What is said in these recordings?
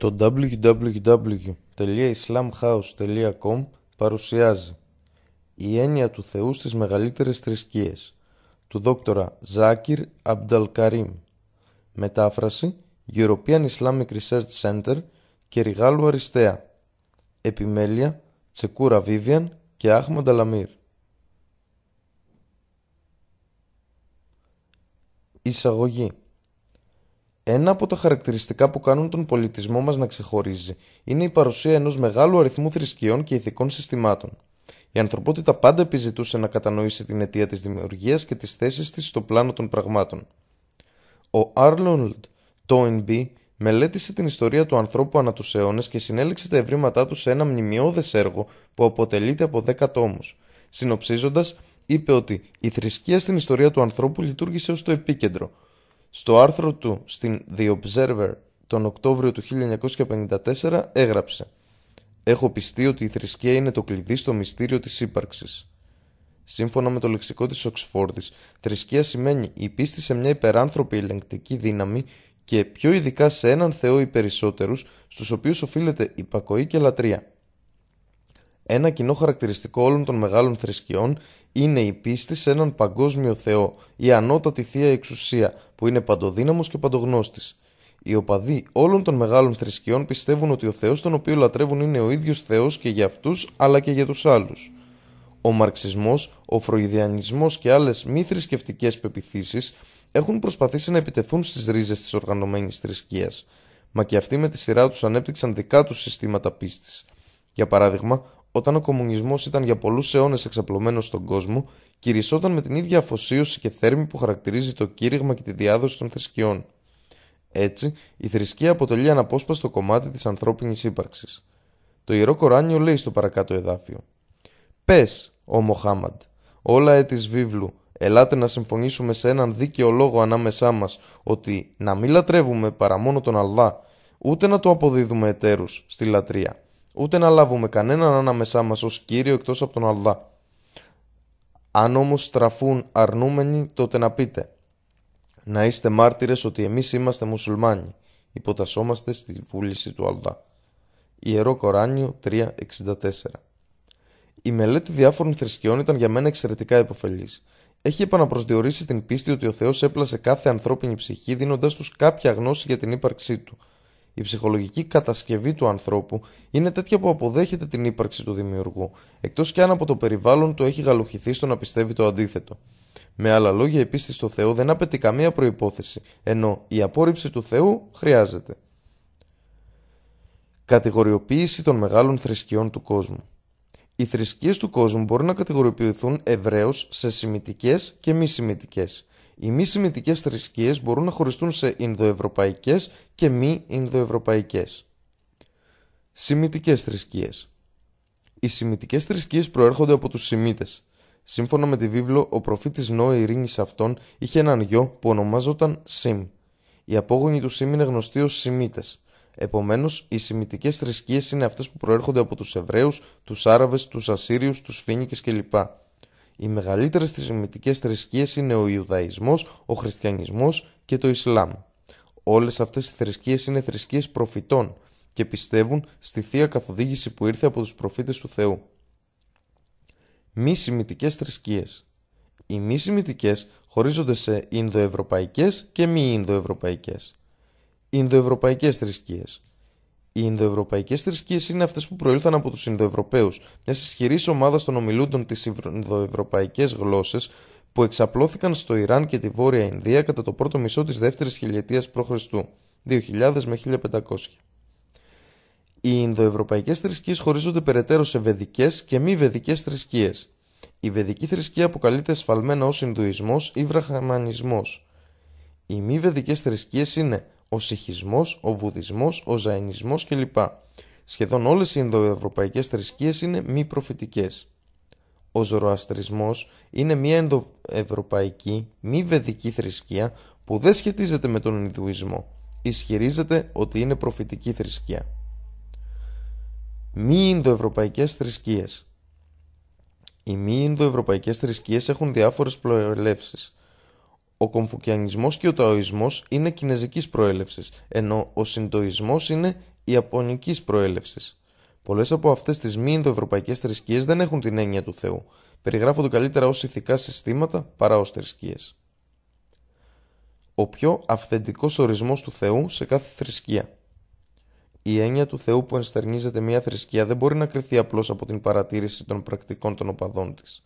Το www.islamhouse.com παρουσιάζει «Η έννοια του Θεού στις μεγαλύτερες θρησκείες» του δόκτορα Ζάκυρ Αμπταλκαρίμ Μετάφραση European Islamic Research Center και Ριγάλου Αριστέα Επιμέλεια Τσεκούρα Βίβιαν και Άχμα Νταλαμύρ Εισαγωγή ένα από τα χαρακτηριστικά που κάνουν τον πολιτισμό μα να ξεχωρίζει είναι η παρουσία ενό μεγάλου αριθμού θρησκειών και ηθικών συστημάτων. Η ανθρωπότητα πάντα επιζητούσε να κατανοήσει την αιτία τη δημιουργία και τις θέσεις τη στο πλάνο των πραγμάτων. Ο Arnold Toynbee μελέτησε την ιστορία του ανθρώπου ανά τους αιώνες και συνέλεξε τα ευρήματά του σε ένα μνημειώδε έργο που αποτελείται από 10 τόμου, συνοψίζοντα είπε ότι η θρησκεία στην ιστορία του ανθρώπου λειτουργήσε ω το επίκεντρο – στο άρθρο του στην The Observer τον Οκτώβριο του 1954 έγραψε «Έχω πιστεί ότι η θρησκεία είναι το κλειδί στο μυστήριο της ύπαρξης». Σύμφωνα με το λεξικό της Οξφόρδης, θρησκεία σημαίνει η πίστη σε μια υπεράνθρωπη ελεγκτική δύναμη και πιο ειδικά σε έναν Θεό ή περισσότερους, στους οποίους οφείλεται υπακοή και λατρεία. Ένα κοινό χαρακτηριστικό όλων των μεγάλων θρησκειών είναι η πίστη σε έναν παγκόσμιο Θεό, η ανώτατη θεία εξουσία, που είναι παντοδύναμος και παντογνώστη, Οι οπαδοί όλων των μεγάλων θρησκειών πιστεύουν ότι ο Θεό τον οποίο λατρεύουν είναι ο ίδιο Θεό και για αυτού αλλά και για του άλλου. Ο μαρξισμό, ο φροηδιανισμό και άλλε μη θρησκευτικέ πεπιθήσει έχουν προσπαθήσει να επιτεθούν στι ρίζε τη οργανωμένη θρησκεία, μα και αυτοί με τη σειρά του ανέπτυξαν δικά του συστήματα πίστη. Για παράδειγμα, όταν ο κομμουνισμός ήταν για πολλού αιώνε εξαπλωμένο στον κόσμο, κυρισόταν με την ίδια αφοσίωση και θέρμη που χαρακτηρίζει το κήρυγμα και τη διάδοση των θρησκειών. Έτσι, η θρησκεία αποτελεί αναπόσπαστο κομμάτι τη ανθρώπινη ύπαρξη. Το Ιερό Κοράνιο λέει στο παρακάτω εδάφιο Πε, ο Μοχάμαντ, όλα έτη ε βίβλου, ελάτε να συμφωνήσουμε σε έναν δίκαιο λόγο ανάμεσά μα ότι να μην λατρεύουμε παρά μόνο τον Αλδά, ούτε να το αποδίδουμε εταίρου στη λατρεία» ούτε να λάβουμε κανέναν ανάμεσά μας ως Κύριο εκτός από τον Αλδά. Αν όμως στραφούν αρνούμενοι, τότε να πείτε «Να είστε μάρτυρες ότι εμείς είμαστε μουσουλμάνοι, υποτασσόμαστε στη βούληση του Αλδά». Ιερό Κοράνιο 3.64 Η μελέτη διάφορων θρησκειών ήταν για μένα εξαιρετικά υποφελής. Έχει επαναπροσδιορίσει την πίστη ότι ο Θεός έπλασε κάθε ανθρώπινη ψυχή δίνοντας τους κάποια γνώση για την ύπαρξή του – η ψυχολογική κατασκευή του ανθρώπου είναι τέτοια που αποδέχεται την ύπαρξη του δημιουργού, εκτό και αν από το περιβάλλον του έχει γαλουχηθεί στο να πιστεύει το αντίθετο. Με άλλα λόγια, η πίστη στο Θεό δεν απαιτεί καμία προπόθεση, ενώ η απόρριψη του Θεού χρειάζεται. Κατηγοριοποίηση των μεγάλων θρησκειών του κόσμου. Οι θρησκείες του κόσμου μπορούν να κατηγοριοποιηθούν ευρέω σε σημητικές και μη σημητικές. Οι μη σημειτικέ θρησκείε μπορούν να χωριστούν σε Ινδοευρωπαϊκέ και μη Ινδοευρωπαϊκέ. Σημειτικέ θρησκείε. Οι σημειτικέ θρησκείε προέρχονται από του Σιμίτε. Σύμφωνα με τη βίβλο, ο προφήτη Νόε ειρήνη αυτών είχε έναν γιο που ονομάζονταν Σιμ. Οι απόγονοι του Σιμ είναι γνωστοί ω Σιμίτε. Επομένω, οι Σιμιτικέ θρησκείε είναι αυτέ που προέρχονται από του Εβραίου, του Άραβε, του Ασσύριου, του Φίνικε κλπ. Οι μεγαλύτερε θρησκευτικέ θρησκείε θρησκείες είναι ο Ιουδαϊσμός, ο Χριστιανισμός και το Ισλάμ. Όλες αυτέ οι θρησκείες είναι θρησκείες προφητών και πιστεύουν στη θεία καθοδήγηση που ήρθε από τους προφήτες του Θεού. Μη σημητικέ θρησκείες Οι μη σημητικέ χωρίζονται σε Ινδοευρωπαϊκές και μη Ινδοευρωπαϊκέ Ινδοευρωπαϊκές θρησκείες οι Ινδοευρωπαϊκέ θρησκείε είναι αυτέ που προήλθαν από του Ινδοευρωπαίου, μια ισχυρή ομάδα των ομιλούντων τη Ινδοευρωπαϊκή γλώσσα που εξαπλώθηκαν στο Ιράν και τη Βόρεια Ινδία κατά το πρώτο μισό τη δεύτερη χιλιετία π.Χ. 2000 με 1500. Οι Ινδοευρωπαϊκέ θρησκείε χωρίζονται περαιτέρω σε βεδικέ και μη βεδικέ θρησκείε. Η βεδική θρησκεία αποκαλείται εσφαλμένα ω Ινδουισμό ή Βραχαμανισμό. Οι μη βεδικέ θρησκείε είναι ο Σιχισμός, ο Βουδισμός, ο Ζαϊνισμός κλπ. Σχεδόν όλες οι ενδοευρωπαϊκές θρησκείες είναι μη προφητικές. Ο Ζωροαστρισμός είναι μια ενδοευρωπαϊκή, μη βεδική θρησκεία που δεν σχετίζεται με τον Ινδουισμό. Ισχυρίζεται ότι είναι προφητική θρησκεία. Μη ενδοευρωπαϊκές θρησκείες Οι μη ενδοευρωπαϊκές θρησκείες έχουν διάφορες προελεύσεις. Ο Κομφουκιανισμός και ο Ταοισμός είναι κινέζικης προέλευσης, ενώ ο Συντοισμός είναι ιαπωνικής προέλευσης. Πολλές από αυτές τις μη ενδοευρωπαϊκές θρησκείες δεν έχουν την έννοια του Θεού. Περιγράφονται καλύτερα ως ηθικά συστήματα παρά ως θρησκείες. Ο πιο αυθεντικός ορισμός του Θεού σε κάθε θρησκεία. Η έννοια του Θεού που ενστερνίζεται μια θρησκεία δεν μπορεί να κρυθεί απλώς από την παρατήρηση των πρακτικών των οπαδών της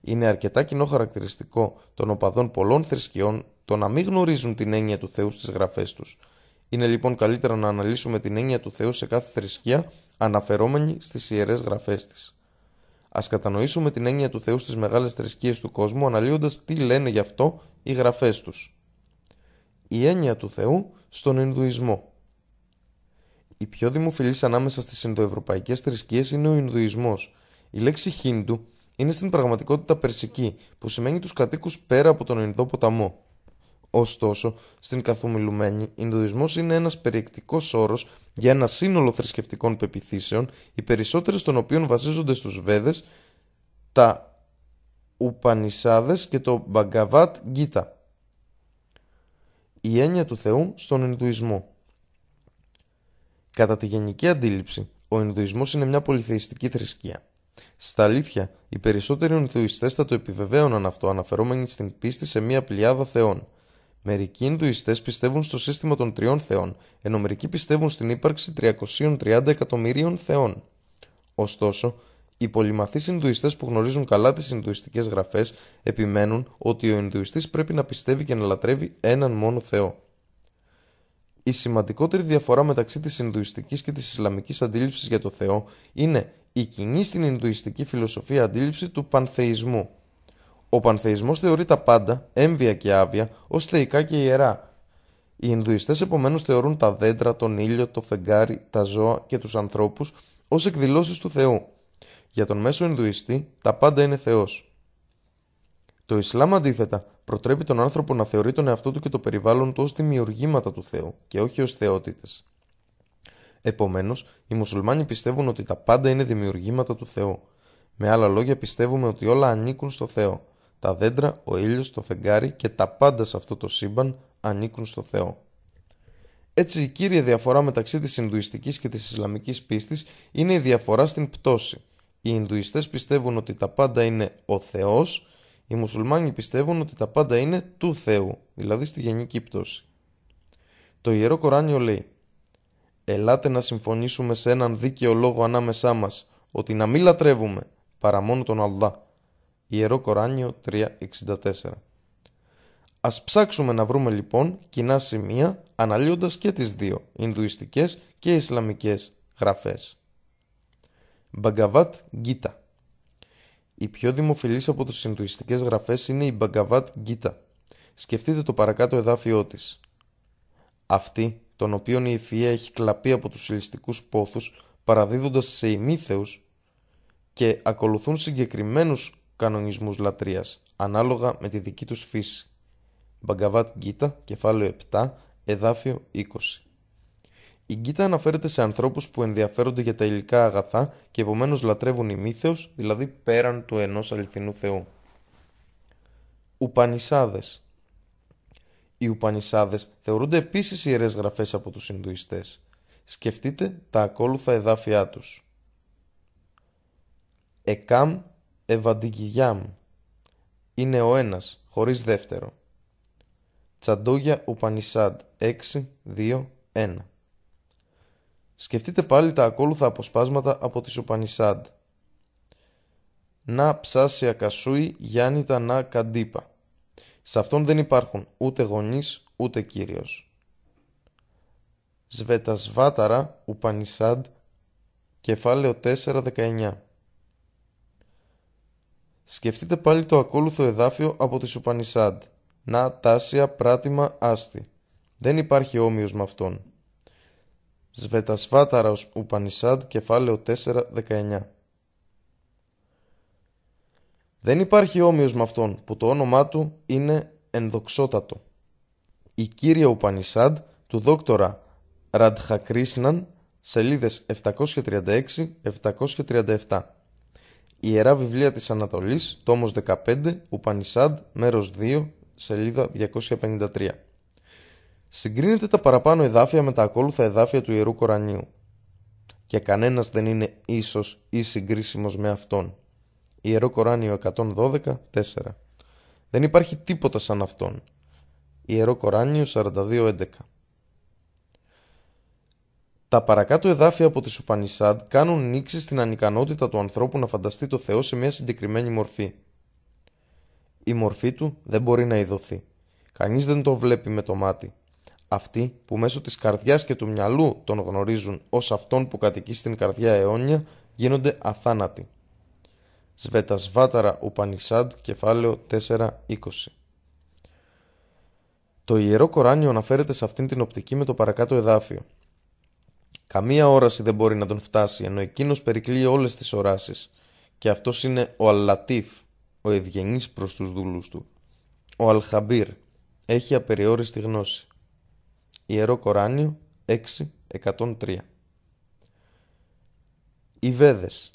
είναι αρκετά κοινό χαρακτηριστικό των οπαδών πολλών θρησκειών το να μην γνωρίζουν την έννοια του Θεού στι γραφέ του. Είναι λοιπόν καλύτερα να αναλύσουμε την έννοια του Θεού σε κάθε θρησκεία αναφερόμενη στι ιερέ γραφέ τη. Α κατανοήσουμε την έννοια του Θεού στι μεγάλε θρησκείε του κόσμου αναλύοντα τι λένε γι' αυτό οι γραφέ του. Η έννοια του Θεού στον Ινδουισμό. Η πιο δημοφιλή ανάμεσα στι Ινδοευρωπαϊκέ θρησκείε είναι ο Ινδουισμό. Η λέξη Χίντου είναι στην πραγματικότητα περσική, που σημαίνει τους κατοίκου πέρα από τον Ινδό ποταμό. Ωστόσο, στην καθομιλουμένη, Ινδουισμός είναι ένας περιεκτικός όρος για ένα σύνολο θρησκευτικών πεπιθήσεων, οι περισσότερες των οποίων βασίζονται στους Βέδες, τα Ουπανισάδες και το Μπαγκαβάτ Γκίτα. Η έννοια του Θεού στον Ινδουισμό Κατά τη γενική αντίληψη, ο Ινδουισμός είναι μια πολυθεϊστική θρησκεία στα αλήθεια, οι περισσότεροι Ινδουιστέ θα το επιβεβαίωναν αυτό αναφερόμενοι στην πίστη σε μία πλειάδα θεών. Μερικοί Ινδουιστέ πιστεύουν στο σύστημα των τριών θεών, ενώ μερικοί πιστεύουν στην ύπαρξη 330 εκατομμυρίων θεών. Ωστόσο, οι πολυμαθεί Ινδουιστές που γνωρίζουν καλά τι Ινδουιστικές γραφέ επιμένουν ότι ο Ινδουιστής πρέπει να πιστεύει και να λατρεύει έναν μόνο Θεό. Η σημαντικότερη διαφορά μεταξύ τη Ινδουιστική και τη Ισλαμική αντίληψη για το Θεό είναι η κοινή στην Ινδουιστική φιλοσοφία αντίληψη του πανθεϊσμού. Ο πανθεϊσμός θεωρεί τα πάντα, έμβια και άβια, ως θεϊκά και ιερά. Οι Ινδουιστές επομένως θεωρούν τα δέντρα, τον ήλιο, το φεγγάρι, τα ζώα και τους ανθρώπους ως εκδηλώσεις του Θεού. Για τον μέσο Ινδουιστή τα πάντα είναι Θεός. Το Ισλάμ αντίθετα προτρέπει τον άνθρωπο να θεωρεί τον εαυτό του και το περιβάλλον του ω δημιουργήματα του Θεού και όχι ω θεότητες. Επομένω, οι μουσουλμάνοι πιστεύουν ότι τα πάντα είναι δημιουργήματα του Θεού. Με άλλα λόγια, πιστεύουμε ότι όλα ανήκουν στο Θεό. Τα δέντρα, ο ήλιο, το φεγγάρι και τα πάντα σε αυτό το σύμπαν ανήκουν στο Θεό. Έτσι, η κύρια διαφορά μεταξύ τη Ινδουιστική και τη Ισλαμική πίστη είναι η διαφορά στην πτώση. Οι Ινδουιστέ πιστεύουν ότι τα πάντα είναι ο Θεό, οι Μουσουλμάνοι πιστεύουν ότι τα πάντα είναι του Θεού, δηλαδή στη γενική πτώση. Το ιερό Κοράνιο λέει: ελάτε να συμφωνήσουμε σε έναν δίκαιο λόγο ανάμεσά μας, ότι να μην λατρεύουμε παρά μόνο τον Αλδά. Ιερό Κοράνιο 3.64 Ας ψάξουμε να βρούμε λοιπόν κοινά σημεία αναλύοντας και τις δύο, Ινδουιστικές και Ισλαμικές γραφές. Μπαγκαβάτ Γκίτα Η πιο δημοφιλής από τις Ινδουιστικές γραφές είναι η Μπαγκαβάτ Γκίτα. Σκεφτείτε το παρακάτω εδάφιό της. Αυτή τον οποίον η ιφία έχει κλαπεί από τους ηλιστικούς πόθους παραδίδοντας σε ημίθεους και ακολουθούν συγκεκριμένους κανονισμούς λατρείας ανάλογα με τη δική τους φύση. Μπαγκαβάτ Γκίτα, κεφάλαιο 7, εδάφιο 20. Η Γκίτα αναφέρεται σε ανθρώπους που ενδιαφέρονται για τα υλικά αγαθά και επομένως λατρεύουν ημίθεους, δηλαδή πέραν του ενός αληθινού Θεού. Ουπανισάδες οι Ουπανισάδες θεωρούνται επίσης ιερές γραφές από τους Ινδουιστές. Σκεφτείτε τα ακόλουθα εδάφια τους. Εκάμ Ευαντικιγιάμ είναι ο ένας, χωρίς δεύτερο. Τσαντόγια Ουπανισάντ 6, 2, 1 Σκεφτείτε πάλι τα ακόλουθα αποσπάσματα από τις Ουπανισάντ. Να ψάσια κασούι γιάννητα να Καντύπα σε αυτόν δεν υπάρχουν ούτε γονείς ούτε κύριος. Σβετασβάταρα Ουπανισάντ Κεφάλαιο 4.19 Σκεφτείτε πάλι το ακόλουθο εδάφιο από τη Σουπανισάντ. Να, τάσια, πράτημα, άστη. Δεν υπάρχει όμοιος με αυτόν. Σβετασβάταρα Ουπανισάντ, κεφάλαιο 4.19 δεν υπάρχει όμοιος με αυτόν που το όνομά του είναι ενδοξότατο. Η κύρια Ουπανισάντ του δόκτορα Ραντχακρίσναν, σελίδες 736-737. Ιερά βιβλία της Ανατολής, τόμος 15, Ουπανισάντ, μέρος 2, σελίδα 253. Συγκρίνεται τα παραπάνω εδάφια με τα ακόλουθα εδάφια του Ιερού Κορανίου. Και κανένας δεν είναι ίσος ή συγκρίσιμος με αυτόν. Ιερό Κοράνιο 112, 4. Δεν υπάρχει τίποτα σαν αυτόν. Ιερό Κοράνιο 42, 11. Τα παρακάτω εδάφια από τη Σουπανισάντ κάνουν νήξη στην ανικανότητα του ανθρώπου να φανταστεί το Θεό σε μια συγκεκριμένη μορφή. Η μορφή του δεν μπορεί να ειδωθεί. Κανείς δεν τον βλέπει με το μάτι. Αυτοί που μέσω της καρδιάς και του μυαλού τον γνωρίζουν ως αυτόν που κατοικεί στην καρδιά αιώνια γίνονται αθάνατοι. Σβετασβάταρα Ουπανισάντ, κεφάλαιο 4.20. Το Ιερό Κοράνιο αναφέρεται σε αυτήν την οπτική με το παρακάτω εδάφιο. Καμία όραση δεν μπορεί να τον φτάσει, ενώ εκείνο περικλεί όλε τι οράσει, και αυτό είναι ο Αλλατίφ, ο ευγενή προς τους δούλους του. Ο Αλχαμπίρ έχει απεριόριστη γνώση. Ιερό Κοράνιο 6.103. Οι Βέδες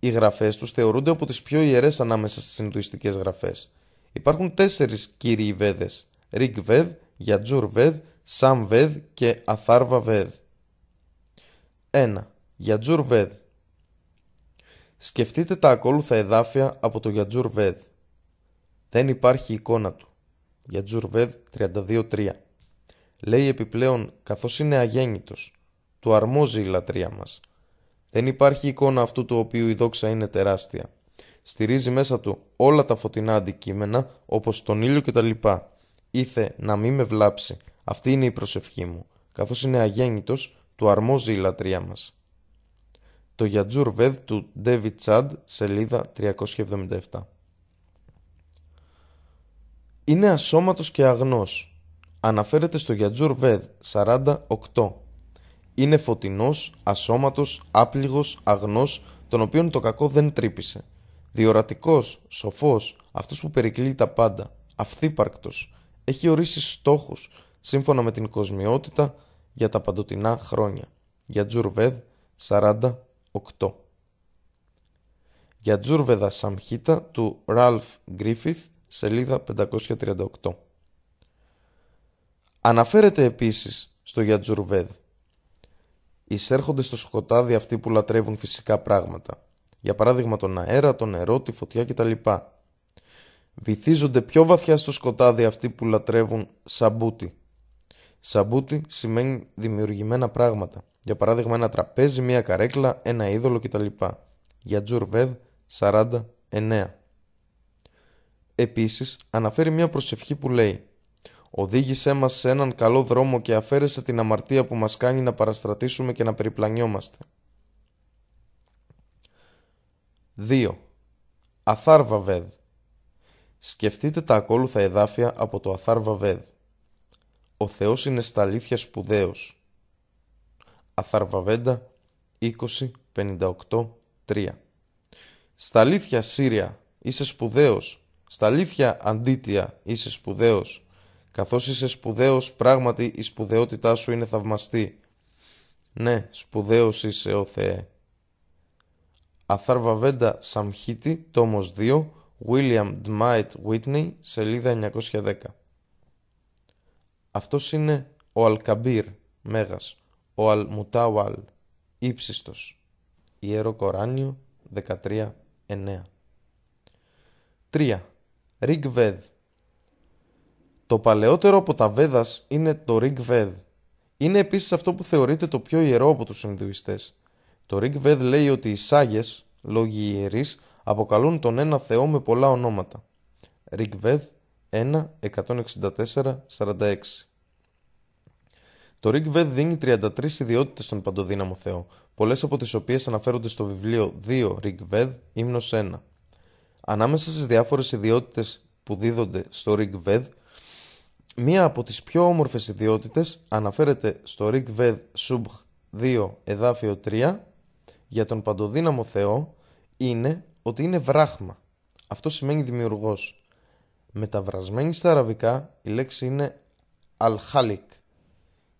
οι γραφέ του θεωρούνται από τι πιο ιερέ ανάμεσα στι Ινδουιστικέ γραφέ. Υπάρχουν τέσσερι κύριοι Βέδε: Ριγκ Βέδ, Γιατζούρ Βέδ, Σαμ και Αθάρβα Βέδ. 1. Γιατζούρ Βέδ. Σκεφτείτε τα ακόλουθα εδάφια από το Γιατζούρ Βέδ. Δεν υπάρχει εικόνα του. Γιατζούρ Βέδ 32.3. Λέει επιπλέον, καθώ είναι αγέννητο, του αρμόζει η λατρεία μας δεν υπάρχει εικόνα αυτού του οποίου η δόξα είναι τεράστια. Στηρίζει μέσα του όλα τα φωτεινά αντικείμενα, όπως τον ήλιο κτλ. Ήθε να μην με βλάψει. Αυτή είναι η προσευχή μου. Καθώς είναι αγέννητος, του αρμόζει η λατρεία μας. Το Γιατζούρ Βέδ του Ντέβι Τσάντ, σελίδα 377. Είναι ασώματος και αγνός. Αναφέρεται στο Γιατζούρ Βέδ 48. Είναι φωτεινός, ασώματος, άπληγος, αγνός, τον οποίον το κακό δεν τρύπησε. Διορατικός, σοφός, αυτός που περικλεί τα πάντα, αυθύπαρκτος, έχει ορίσει στόχους, σύμφωνα με την κοσμιότητα, για τα παντοτινά χρόνια. Για Τζουρβέδ, 48. Για Σαμχίτα του Ραλφ Γκρίφιθ, σελίδα 538. Αναφέρεται επίσης στο Γιατζουρβέδ Εισέρχονται στο σκοτάδι αυτοί που λατρεύουν φυσικά πράγματα. Για παράδειγμα τον αέρα, το νερό, τη φωτιά κτλ. Βυθίζονται πιο βαθιά στο σκοτάδι αυτοί που λατρεύουν σαμπούτι. Σαμπούτι σημαίνει δημιουργημένα πράγματα. Για παράδειγμα ένα τραπέζι, μια καρέκλα, ένα είδωλο κτλ. Για Τζουρβέδ 49. Επίσης αναφέρει μια προσευχή που λέει Οδήγησέ μας σε έναν καλό δρόμο και αφαίρεσε την αμαρτία που μας κάνει να παραστρατήσουμε και να περιπλανιόμαστε. 2. Αθάρβα Βέδ Σκεφτείτε τα ακόλουθα εδάφια από το Αθάρβα Βέδ. Ο Θεός είναι στα αλήθεια σπουδαίος. Αθαρβαβέντα 20.58.3 Στα αλήθεια Σύρια είσαι σπουδαίος. Στα αλήθεια Αντίτια είσαι σπουδαίος καθώς είσαι σπουδαίος, πράγματι η σπουδαιότητά σου είναι θαυμαστή. Ναι, σπουδαίος είσαι, ο Θεέ. Αθαρβαβέντα Σαμχίτη, τόμος 2, William Ντμάιτ Whitney, σελίδα 910. Αυτό είναι ο Αλκαμπίρ, μέγας, ο Αλμουτάουαλ, ύψιστος. Ιερό Κοράνιο 9. 3. Ριγκ το παλαιότερο από τα Βέδας είναι το Rig Είναι επίσης αυτό που θεωρείται το πιο ιερό από τους Ινδουιστές. Το Rig λέει ότι οι σάγες, λόγοι ιερείς, αποκαλούν τον ένα Θεό με πολλά ονόματα. Rig Ved 1, Το Rig δίνει 33 ιδιότητες στον παντοδύναμο Θεό, πολλές από τις οποίες αναφέρονται στο βιβλίο 2 Rig ύμνος 1. Ανάμεσα στις διάφορες ιδιότητες που δίδονται στο Rig Μία από τις πιο όμορφες ιδιότητες αναφέρεται στο Rig Ved Subh 2 εδάφιο 3 για τον παντοδύναμο Θεό είναι ότι είναι βράχμα. Αυτό σημαίνει δημιουργός. Μεταβρασμένη στα αραβικά η λέξη είναι αλχάλικ.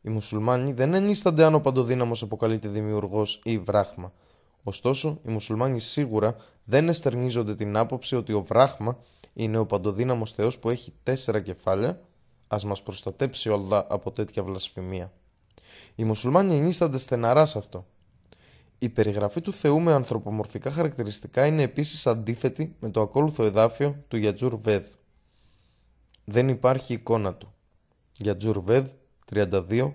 Οι μουσουλμάνοι δεν ενίστανται αν ο παντοδύναμος αποκαλείται δημιουργός ή βράχμα. Ωστόσο, οι μουσουλμάνοι σίγουρα δεν εστερνίζονται την άποψη ότι ο βράχμα είναι ο παντοδύναμος θεός που έχει τέσσερα κεφάλια ας μας προστατέψει ο από τέτοια βλασφημία. Οι μουσουλμάνοι ενίστανται στεναρά σε αυτό. Η περιγραφή του Θεού με ανθρωπομορφικά χαρακτηριστικά είναι επίσης αντίθετη με το ακόλουθο εδάφιο του Γιατζούρ Βέδ. Δεν υπάρχει εικόνα του. Γιατζούρ Βέδ 32-3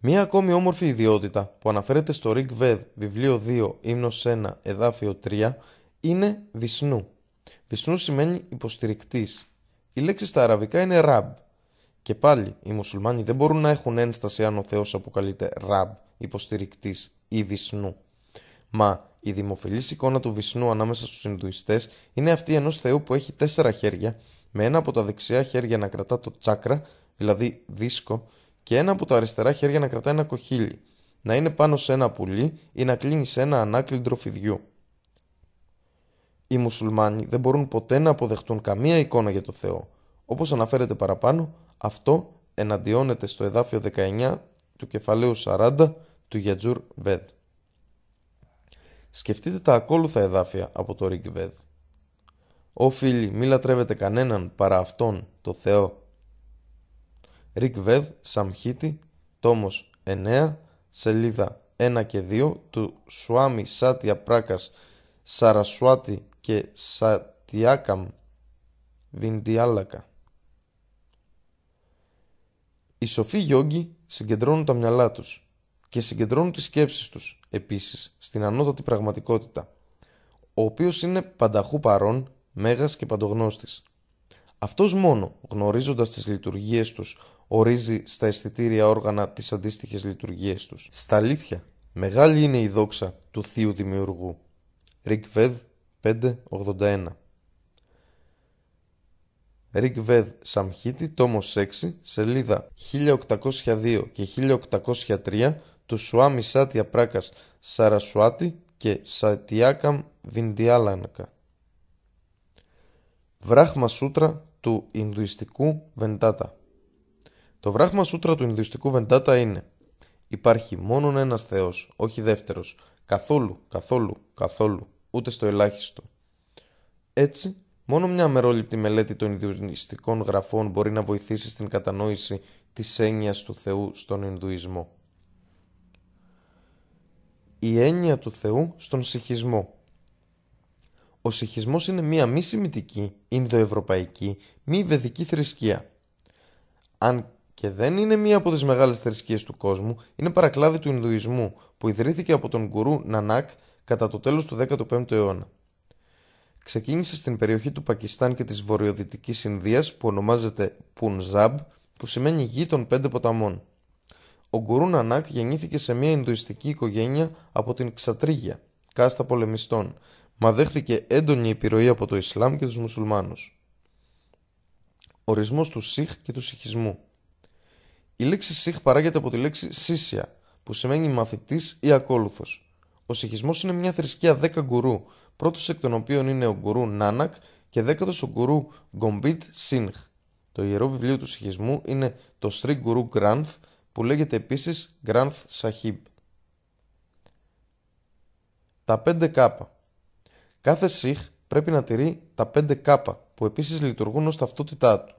Μία ακόμη όμορφη ιδιότητα που αναφέρεται στο Ριγκ Βέδ, βιβλίο 2, ύμνος 1, εδάφιο 3, είναι Βυσνού. Βυσνού σημαίνει υποστηρικτής. Η λέξη στα αραβικά είναι ραμπ. Και πάλι, οι μουσουλμάνοι δεν μπορούν να έχουν ένσταση αν ο Θεός αποκαλείται ραμπ, υποστηρικτής ή Βυσνού. Μα η δημοφιλή εικόνα του Βυσνού ανάμεσα στους Ινδουιστέ είναι αυτή ενό Θεού που έχει τέσσερα χέρια, με ένα από τα δεξιά χέρια να κρατά το τσάκρα, δηλαδή δίσκο, και ένα από τα αριστερά χέρια να κρατά ένα κοχύλι, να είναι πάνω σε ένα πουλί ή να κλείνει σε ένα ανάκλιντρο φιδιού. Οι μουσουλμάνοι δεν μπορούν ποτέ να αποδεχτούν καμία εικόνα για το Θεό. Όπως αναφέρεται παραπάνω, αυτό εναντιώνεται στο εδάφιο 19 του κεφαλαίου 40 του Γιατζούρ Βέδ. Σκεφτείτε τα ακόλουθα εδάφια από το Ρίγκ Βέδ. «Ω φίλοι, μη λατρεύετε κανέναν παρά Αυτόν, το Θεό». Ρίγκ Βέδ, Σαμχίτη, τόμος 9, σελίδα 1 και 2 του Σουάμι Σάτια Πράκας Σαρασουάτη και Σατιάκαμ Βιντιάλακα. Οι σοφοί γιόγκοι συγκεντρώνουν τα μυαλά τους και συγκεντρώνουν τις σκέψεις τους επίσης στην ανώτατη πραγματικότητα, ο οποίος είναι πανταχού παρόν, μέγας και παντογνώστης. Αυτός μόνο, γνωρίζοντας τις λειτουργίες τους, ορίζει στα αισθητήρια όργανα τις αντίστοιχες λειτουργίες τους. Στα αλήθεια, μεγάλη είναι η δόξα του Θείου Δημιουργού. Ρικ Βέδ 581. Ρικ Βέδ Σαμχίτη, τόμος 6, σελίδα 1802 και 1803 του Σουάμι Σάτια Πράκας Σαρασουάτη και Σατιάκαμ Βιντιάλανκα. Βράχμα Σούτρα του Ινδουιστικού Βεντάτα Το Βράχμα Σούτρα του Ινδουιστικού Βεντάτα είναι Υπάρχει μόνον ένας Θεός, όχι δεύτερος, καθόλου, καθόλου, καθόλου ούτε στο ελάχιστο. Έτσι, μόνο μια μερόληπτη μελέτη των Ινδουιστικών γραφών μπορεί να βοηθήσει στην κατανόηση της έννοιας του Θεού στον Ινδουισμό. Η έννοια του Θεού στον Σιχισμό Ο Σιχισμός είναι μια μη σημητική, Ινδοευρωπαϊκή, μη βεδική θρησκεία. Αν και δεν είναι μία από τις μεγάλες θρησκείες του κόσμου, είναι παρακλάδι του Ινδουισμού που ιδρύθηκε από τον γκουρού Νανάκ κατά το τέλος του 15ου αιώνα. Ξεκίνησε στην περιοχή του Πακιστάν και της βορειοδυτικής Ινδίας που ονομάζεται Πουνζάμπ που σημαίνει γη των πέντε ποταμών. Ο Γκουρού Νανάκ γεννήθηκε σε μια Ινδουιστική οικογένεια από την Ξατρίγια, κάστα πολεμιστών, μα δέχθηκε έντονη επιρροή από το Ισλάμ και τους μουσουλμάνους. Ορισμός του Σιχ και του Σιχισμού Η λέξη Σιχ παράγεται από τη λέξη Σίσια, που σημαίνει μαθητής ή ακόλουθος. Ο Σιχισμό είναι μια θρησκεία 10 γκουρού, πρώτο εκ των οποίων είναι ο γκουρού Νάνακ και δέκατο ο γκουρού Γκομπίτ Σίνχ. Το ιερό βιβλίο του Σιχισμού είναι το Σρι Γκουρού Γκράνθ, που λέγεται επίση Γκράνθ Σαχίμπ. Τα 5 κάπα. Κάθε Σιχ πρέπει να τηρεί τα 5 κάπα, που επίση λειτουργούν ω ταυτότητά του.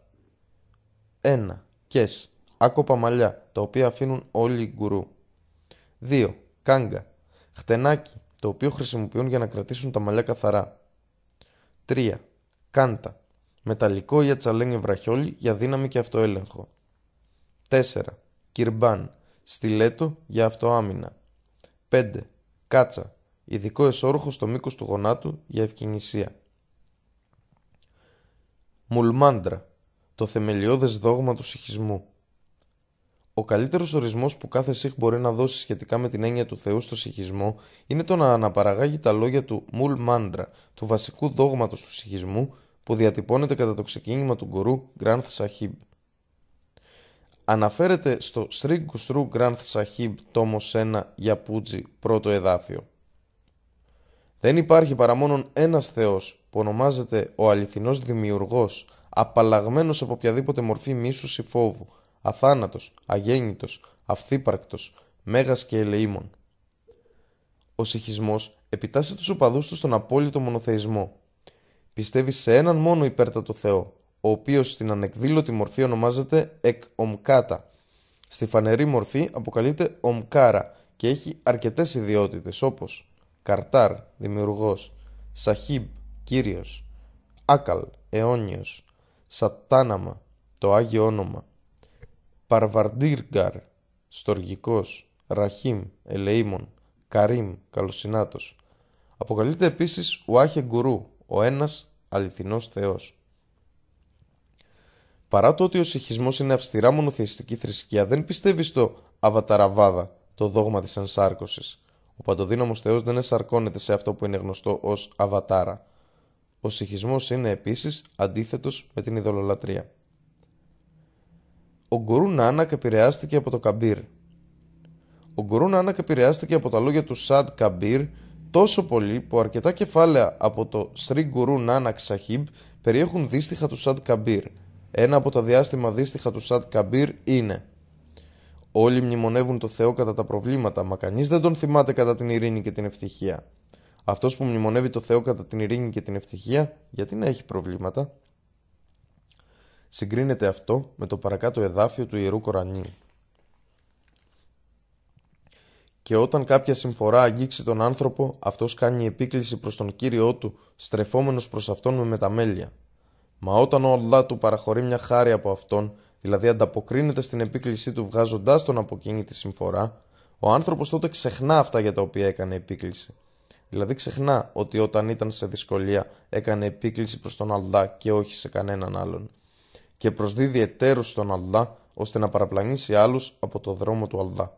1. Κες, άκοπα μαλλιά, τα οποία αφήνουν όλοι οι γκουρού. 2. Κάγκα, χτενάκι, το οποίο χρησιμοποιούν για να κρατήσουν τα μαλλιά καθαρά. 3. Κάντα, μεταλλικό ή ατσαλένιο βραχιόλι για δύναμη και αυτοέλεγχο. 4. Κυρμπάν, στιλέτο για αυτοάμυνα. 5. Κάτσα, ειδικό εσώροχο στο μήκος του γονάτου για ευκαινησία. Μουλμάντρα, το θεμελιώδες δόγμα του συχισμού. Ο καλύτερο ορισμό που κάθε Σιχ μπορεί να δώσει σχετικά με την έννοια του Θεού στο Σιχισμό είναι το να αναπαραγάγει τα λόγια του Μουλ Μάντρα, του βασικού δόγματο του Σιχισμού, που διατυπώνεται κατά το ξεκίνημα του γκουρού Γκρανθ Σαχίμπ. Αναφέρεται στο Σρι Κουστρού Γκρανθ Σαχίμπ, τόμο 1 για Πούτζι, πρώτο εδάφιο. Δεν υπάρχει παρά μόνο ένα Θεό που ονομάζεται ο αληθινό Δημιουργό, απαλλαγμένο από οποιαδήποτε μορφή μίσου ή φόβου αθάνατος, αγέννητος, αυθύπαρκτος, μέγας και ελεήμων. Ο συχισμός επιτάσσει τους οπαδούς του στον απόλυτο μονοθεϊσμό. Πιστεύει σε έναν μόνο υπέρτατο Θεό, ο οποίος στην ανεκδήλωτη μορφή ονομάζεται εκ ομκάτα. Στη φανερή μορφή αποκαλείται ομκάρα και έχει αρκετές ιδιότητες όπως καρτάρ, δημιουργός, σαχίμπ, κύριος, άκαλ, αιώνιος, σατάναμα, το Άγιο Όνομα, Παρβαρντίργκαρ, Στοργικός, Ραχίμ, Ελεήμων, Καρίμ, Καλοσυνάτος. Αποκαλείται επίσης ο Άχε Γκουρού, ο ένας αληθινός θεός. Παρά το ότι ο σιχισμός είναι αυστηρά μονοθεϊστική θρησκεία, δεν πιστεύει στο Αβαταραβάδα, το δόγμα της ενσάρκωσης. Ο παντοδύναμος θεός δεν εσαρκώνεται σε αυτό που είναι γνωστό ως Αβατάρα. Ο σιχισμός είναι επίσης αντίθετος με την ειδωλολατρία ο Γκουρού Νάνακ επηρεάστηκε από το Καμπύρ. Ο Γκουρού Νάνακ επηρεάστηκε από τα λόγια του Σαντ Καμπύρ τόσο πολύ που αρκετά κεφάλαια από το Σρι Γκουρού Νάνακ Σαχίμπ περιέχουν δύστιχα του Σαντ Καμπύρ. Ένα από τα διάστημα δύστιχα του Σαντ Καμπύρ είναι Όλοι μνημονεύουν το Θεό κατά τα προβλήματα, μα κανεί δεν τον θυμάται κατά την ειρήνη και την ευτυχία. Αυτό που μνημονεύει το Θεό κατά την ειρήνη και την ευτυχία, γιατί να έχει προβλήματα. Συγκρίνεται αυτό με το παρακάτω εδάφιο του Ιερού Κορανίου. Και όταν κάποια συμφορά αγγίξει τον άνθρωπο, αυτός κάνει επίκληση προς τον Κύριό του, στρεφόμενος προς Αυτόν με μεταμέλεια. Μα όταν ο Αλλά του παραχωρεί μια χάρη από Αυτόν, δηλαδή ανταποκρίνεται στην επίκλησή του βγάζοντάς τον από εκείνη τη συμφορά, ο άνθρωπος τότε ξεχνά αυτά για τα οποία έκανε επίκληση. Δηλαδή ξεχνά ότι όταν ήταν σε δυσκολία έκανε επίκληση προ τον Αλλά και όχι σε κανέναν άλλον και προσδίδει εταίρου στον Αλλά ώστε να παραπλανήσει άλλους από το δρόμο του Αλλά.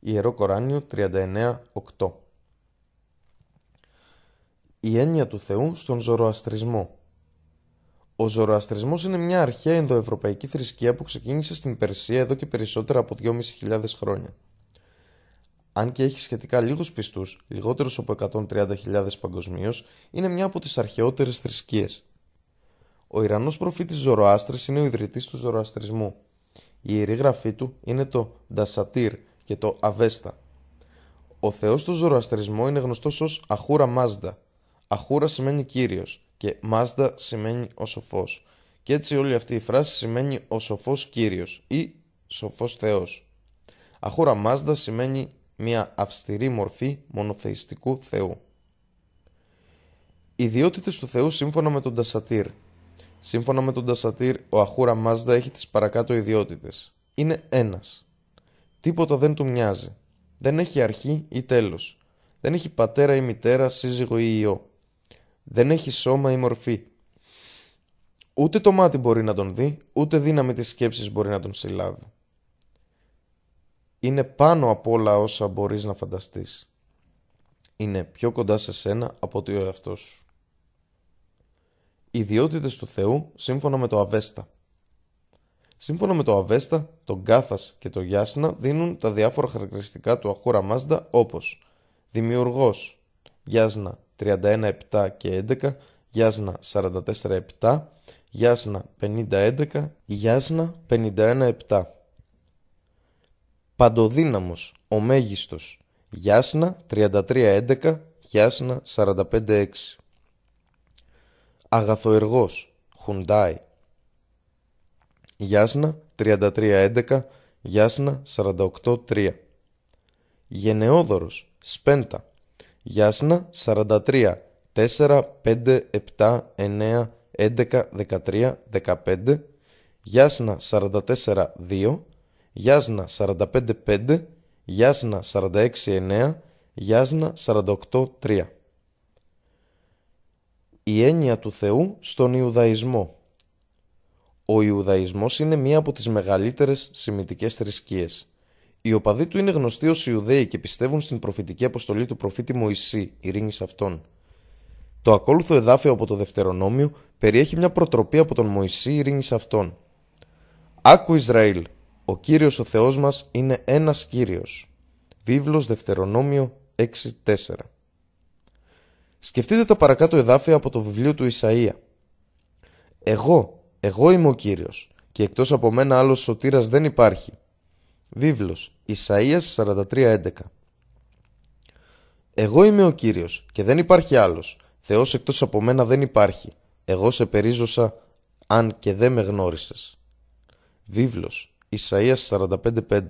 Ιερό Κοράνιο 39.8 Η έννοια του Θεού στον Ζωροαστρισμό Ο Ζωροαστρισμός είναι μια αρχαία ενδοευρωπαϊκή θρησκεία που ξεκίνησε στην Περσία εδώ και περισσότερα από 2.500 χρόνια. Αν και έχει σχετικά λίγους πιστούς, λιγότερους από 130.000 παγκοσμίω, είναι μια από τις αρχαιότερες θρησκείες. Ο Ιρανός προφήτης Ζωροάστρης είναι ο ιδρυτής του Ζωροαστρισμού. Η ιερή του είναι το Ντασατήρ και το Αβέστα. Ο θεός του Ζωροαστρισμού είναι γνωστός ως Αχούρα Μάζδα. Αχούρα σημαίνει κύριος και Μάζδα σημαίνει ο σοφός. Και έτσι όλη αυτή η φράση σημαίνει ο σοφός κύριος ή σοφός θεός. Αχούρα Μάζδα σημαίνει μια αυστηρή μορφή μονοθεϊστικού θεού. Ιδιότητε του Θεού σύμφωνα με τον Σύμφωνα με τον Τασατήρ, ο Αχούρα Μάζδα έχει τι παρακάτω ιδιότητε. Είναι ένα. Τίποτα δεν του μοιάζει. Δεν έχει αρχή ή τέλο. Δεν έχει πατέρα ή μητέρα, σύζυγο ή ιό. Δεν έχει σώμα ή μορφή. Ούτε το μάτι μπορεί να τον δει, ούτε δύναμη της σκέψης μπορεί να τον συλλάβει. Είναι πάνω από όλα όσα μπορείς να φανταστείς. Είναι πιο κοντά σε σένα από ότι ο εαυτός σου. Ιδιότητε του Θεού σύμφωνα με το Αβέστα. Σύμφωνα με το Αβέστα, το Γκάθα και το Γιάσνα δίνουν τα διάφορα χαρακτηριστικά του Αχούρα Μάζντα όπω Δημιουργό Γιάσνα 31-7 και 11, Γιάσνα 44-7, Γιάσνα 50-11, Γιάσνα 51-7. Παντοδύναμος, ο μέγιστος, Γιάσνα 33-11, Γιάσνα 45-6. Αγαθοεργός Χουντάι, Γιάσνα 33, 11, Γιάσνα 48, 3. Γενεόδωρος Σπέντα Γιάσνα 43 4, 5, 7, 9, 11, 13, 15 Γιάσνα 44, 2 Γιάσνα 45, 5 Γιάσνα 46, 9 Γιάσνα 48, 3 η έννοια του Θεού στον Ιουδαϊσμό Ο Ιουδαϊσμός είναι μία από τις μεγαλύτερες σημητικές θρησκείες. Οι οπαδοί του είναι γνωστοί ως Ιουδαίοι και πιστεύουν στην προφητική αποστολή του προφήτη Μωυσή, ειρήνη σε αυτόν. Το ακόλουθο εδάφιο από το Δευτερονόμιο περιέχει μια προτροπή από τον Μωυσή, ειρήνη αυτων το ακολουθο εδαφιο απο το Άκου μωυση ειρηνη αυτών. ακου ισραηλ ο Κύριος ο Θεός μας είναι ένας Κύριος. Βίβλος Δευτερονόμιο 6.4 Σκεφτείτε το παρακάτω εδάφιο από το βιβλίο του Ισαΐα. Εγώ, εγώ είμαι ο Κύριος και εκτός από μένα άλλος σωτήρας δεν υπάρχει. Βίβλος, Ισαΐας 43.11 Εγώ είμαι ο Κύριος και δεν υπάρχει άλλος. Θεός εκτός από μένα δεν υπάρχει. Εγώ σε περίζωσα αν και δεν με γνώρισες. Βίβλος, Ισαΐας 45.5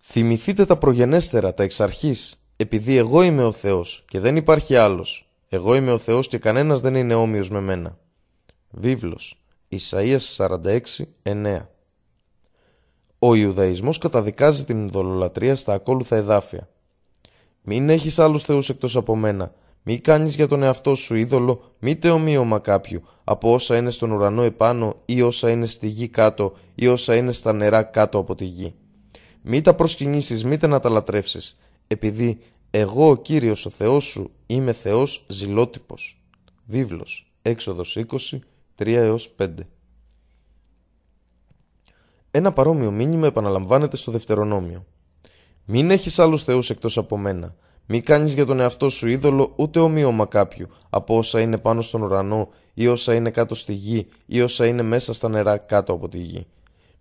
Θυμηθείτε τα προγενέστερα, τα εξ αρχής, επειδή εγώ είμαι ο Θεός και δεν υπάρχει άλλος. Εγώ είμαι ο Θεός και κανένας δεν είναι όμοιος με μένα. Βίβλος Ισαΐας 9 Ο Ιουδαϊσμός καταδικάζει την ειδωλολατρία στα ακόλουθα εδάφια. Μην έχεις άλλους θεούς εκτός από μένα. Μη κάνεις για τον εαυτό σου είδωλο, μήτε ομοίωμα κάποιου, από όσα είναι στον ουρανό επάνω ή όσα είναι στη γη κάτω ή όσα είναι στα νερά κάτω από τη γη. Μη τα προσκυνήσεις, μήτε να τα λατρεύσεις επειδή εγώ ο Κύριος ο Θεός σου είμαι Θεός ζηλότυπος. Βίβλος, έξοδος 20, 3 5. Ένα παρόμοιο μήνυμα επαναλαμβάνεται στο Δευτερονόμιο. Μην έχεις άλλους θεούς εκτός από μένα. Μη κάνεις για τον εαυτό σου είδωλο ούτε ομοίωμα κάποιου από όσα είναι πάνω στον ουρανό ή όσα είναι κάτω στη γη ή όσα είναι μέσα στα νερά κάτω από τη γη.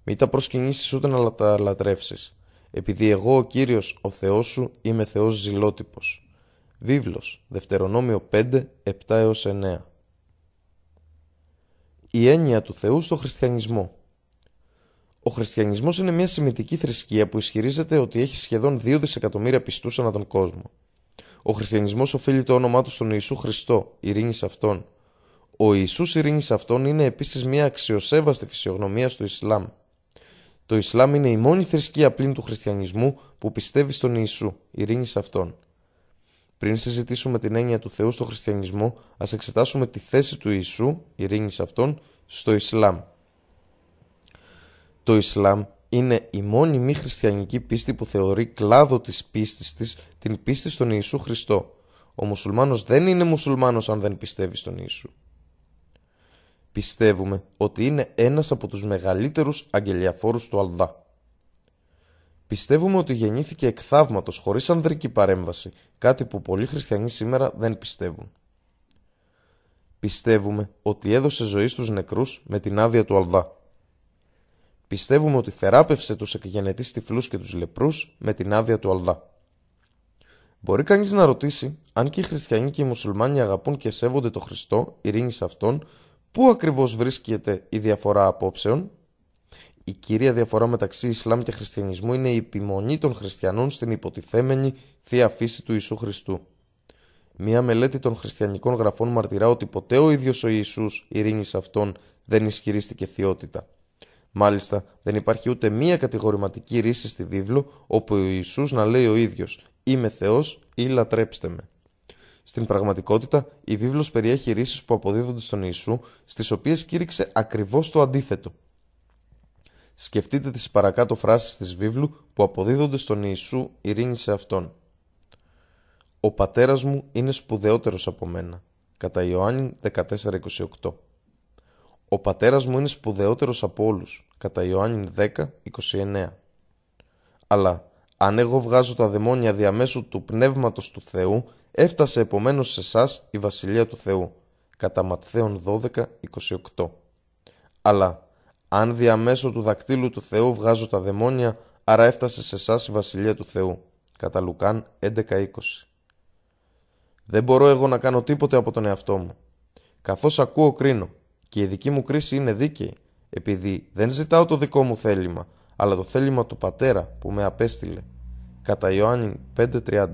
Μην τα προσκυνήσεις ούτε να τα λατρεύσεις επειδή εγώ ο Κύριος ο Θεός σου είμαι Θεός ζηλότυπος. Βίβλος, Δευτερονόμιο 5, 7 9. Η έννοια του Θεού στο χριστιανισμό. Ο χριστιανισμός είναι μια σημειτική θρησκεία που ισχυρίζεται ότι έχει σχεδόν 2 δισεκατομμύρια πιστούς ανά τον κόσμο. Ο χριστιανισμός οφείλει το όνομά του στον Ιησού Χριστό, ειρήνη σε Αυτόν. Ο Ιησούς ειρήνη είναι επίσης μια αξιοσέβαστη φυσιογνωμία στο Ισλάμ. Το Ισλάμ είναι η μόνη θρησκεία πλήν του χριστιανισμού που πιστεύει στον Ιησού, ειρήνη σε αυτόν. Πριν συζητήσουμε την έννοια του Θεού στο χριστιανισμό, α εξετάσουμε τη θέση του Ιησού, ειρήνη σε αυτόν, στο Ισλάμ. Το Ισλάμ είναι η μόνη μη χριστιανική πίστη που θεωρεί κλάδο της πίστης της την πίστη στον Ιησού Χριστό. Ο μουσουλμάνος δεν είναι μουσουλμάνος αν δεν πιστεύει στον Ιησού. Πιστεύουμε ότι είναι ένας από τους μεγαλύτερους αγγελιαφόρους του Αλδά. Πιστεύουμε ότι γεννήθηκε εκ θαύματος χωρίς ανδρική παρέμβαση, κάτι που πολλοί χριστιανοί σήμερα δεν πιστεύουν. Πιστεύουμε ότι έδωσε ζωή στους νεκρούς με την άδεια του Αλδά. Πιστεύουμε ότι θεράπευσε τους εκγενετείς τυφλούς και τους λεπρούς με την άδεια του Αλδά. Μπορεί κανείς να ρωτήσει αν και οι χριστιανοί και οι μουσουλμάνοι αγαπούν και σέβονται τον Χριστό, ειρήνη σε αυτόν Πού ακριβώς βρίσκεται η διαφορά απόψεων? Η κύρια διαφορά μεταξύ Ισλάμ και Χριστιανισμού είναι η επιμονή των χριστιανών στην υποτιθέμενη θεία φύση του Ιησού Χριστού. Μια μελέτη των χριστιανικών γραφών μαρτυρά ότι ποτέ ο ίδιος ο Ιησούς, ειρήνη σε αυτόν, δεν ισχυρίστηκε θεότητα. Μάλιστα, δεν υπάρχει ούτε μία κατηγορηματική ρίση στη βίβλο όπου ο Ιησούς να λέει ο ίδιος «Είμαι Θεός ή λατρέψτε με». Στην πραγματικότητα, η βίβλος περιέχει ρήσεις που αποδίδονται στον Ιησού, στις οποίες κήρυξε ακριβώς το αντίθετο. Σκεφτείτε τις παρακάτω φράσεις της βίβλου που αποδίδονται στον Ιησού ειρήνη σε Αυτόν. «Ο πατέρας μου είναι σπουδαιοτερο από μένα» κατά Ιωάννη 14.28 «Ο πατέρας μου είναι σπουδαιοτερο από από κατά Ιωάννη 10.29 Αλλά αν εγώ βγάζω τα δαιμόνια διαμέσου του πνεύματο του Θεού Έφτασε επομένως σε εσά η Βασιλεία του Θεού, κατά Ματθαίον 12, 28. Αλλά, αν διαμέσω του δακτύλου του Θεού βγάζω τα δαιμόνια, άρα έφτασε σε εσά η Βασιλεία του Θεού, κατά Λουκάν 11, Δεν μπορώ εγώ να κάνω τίποτε από τον εαυτό μου. Καθώς ακούω κρίνω και η δική μου κρίση είναι δίκαιη, επειδή δεν ζητάω το δικό μου θέλημα, αλλά το θέλημα του Πατέρα που με απέστειλε. Κατά Ιωάννη 5.30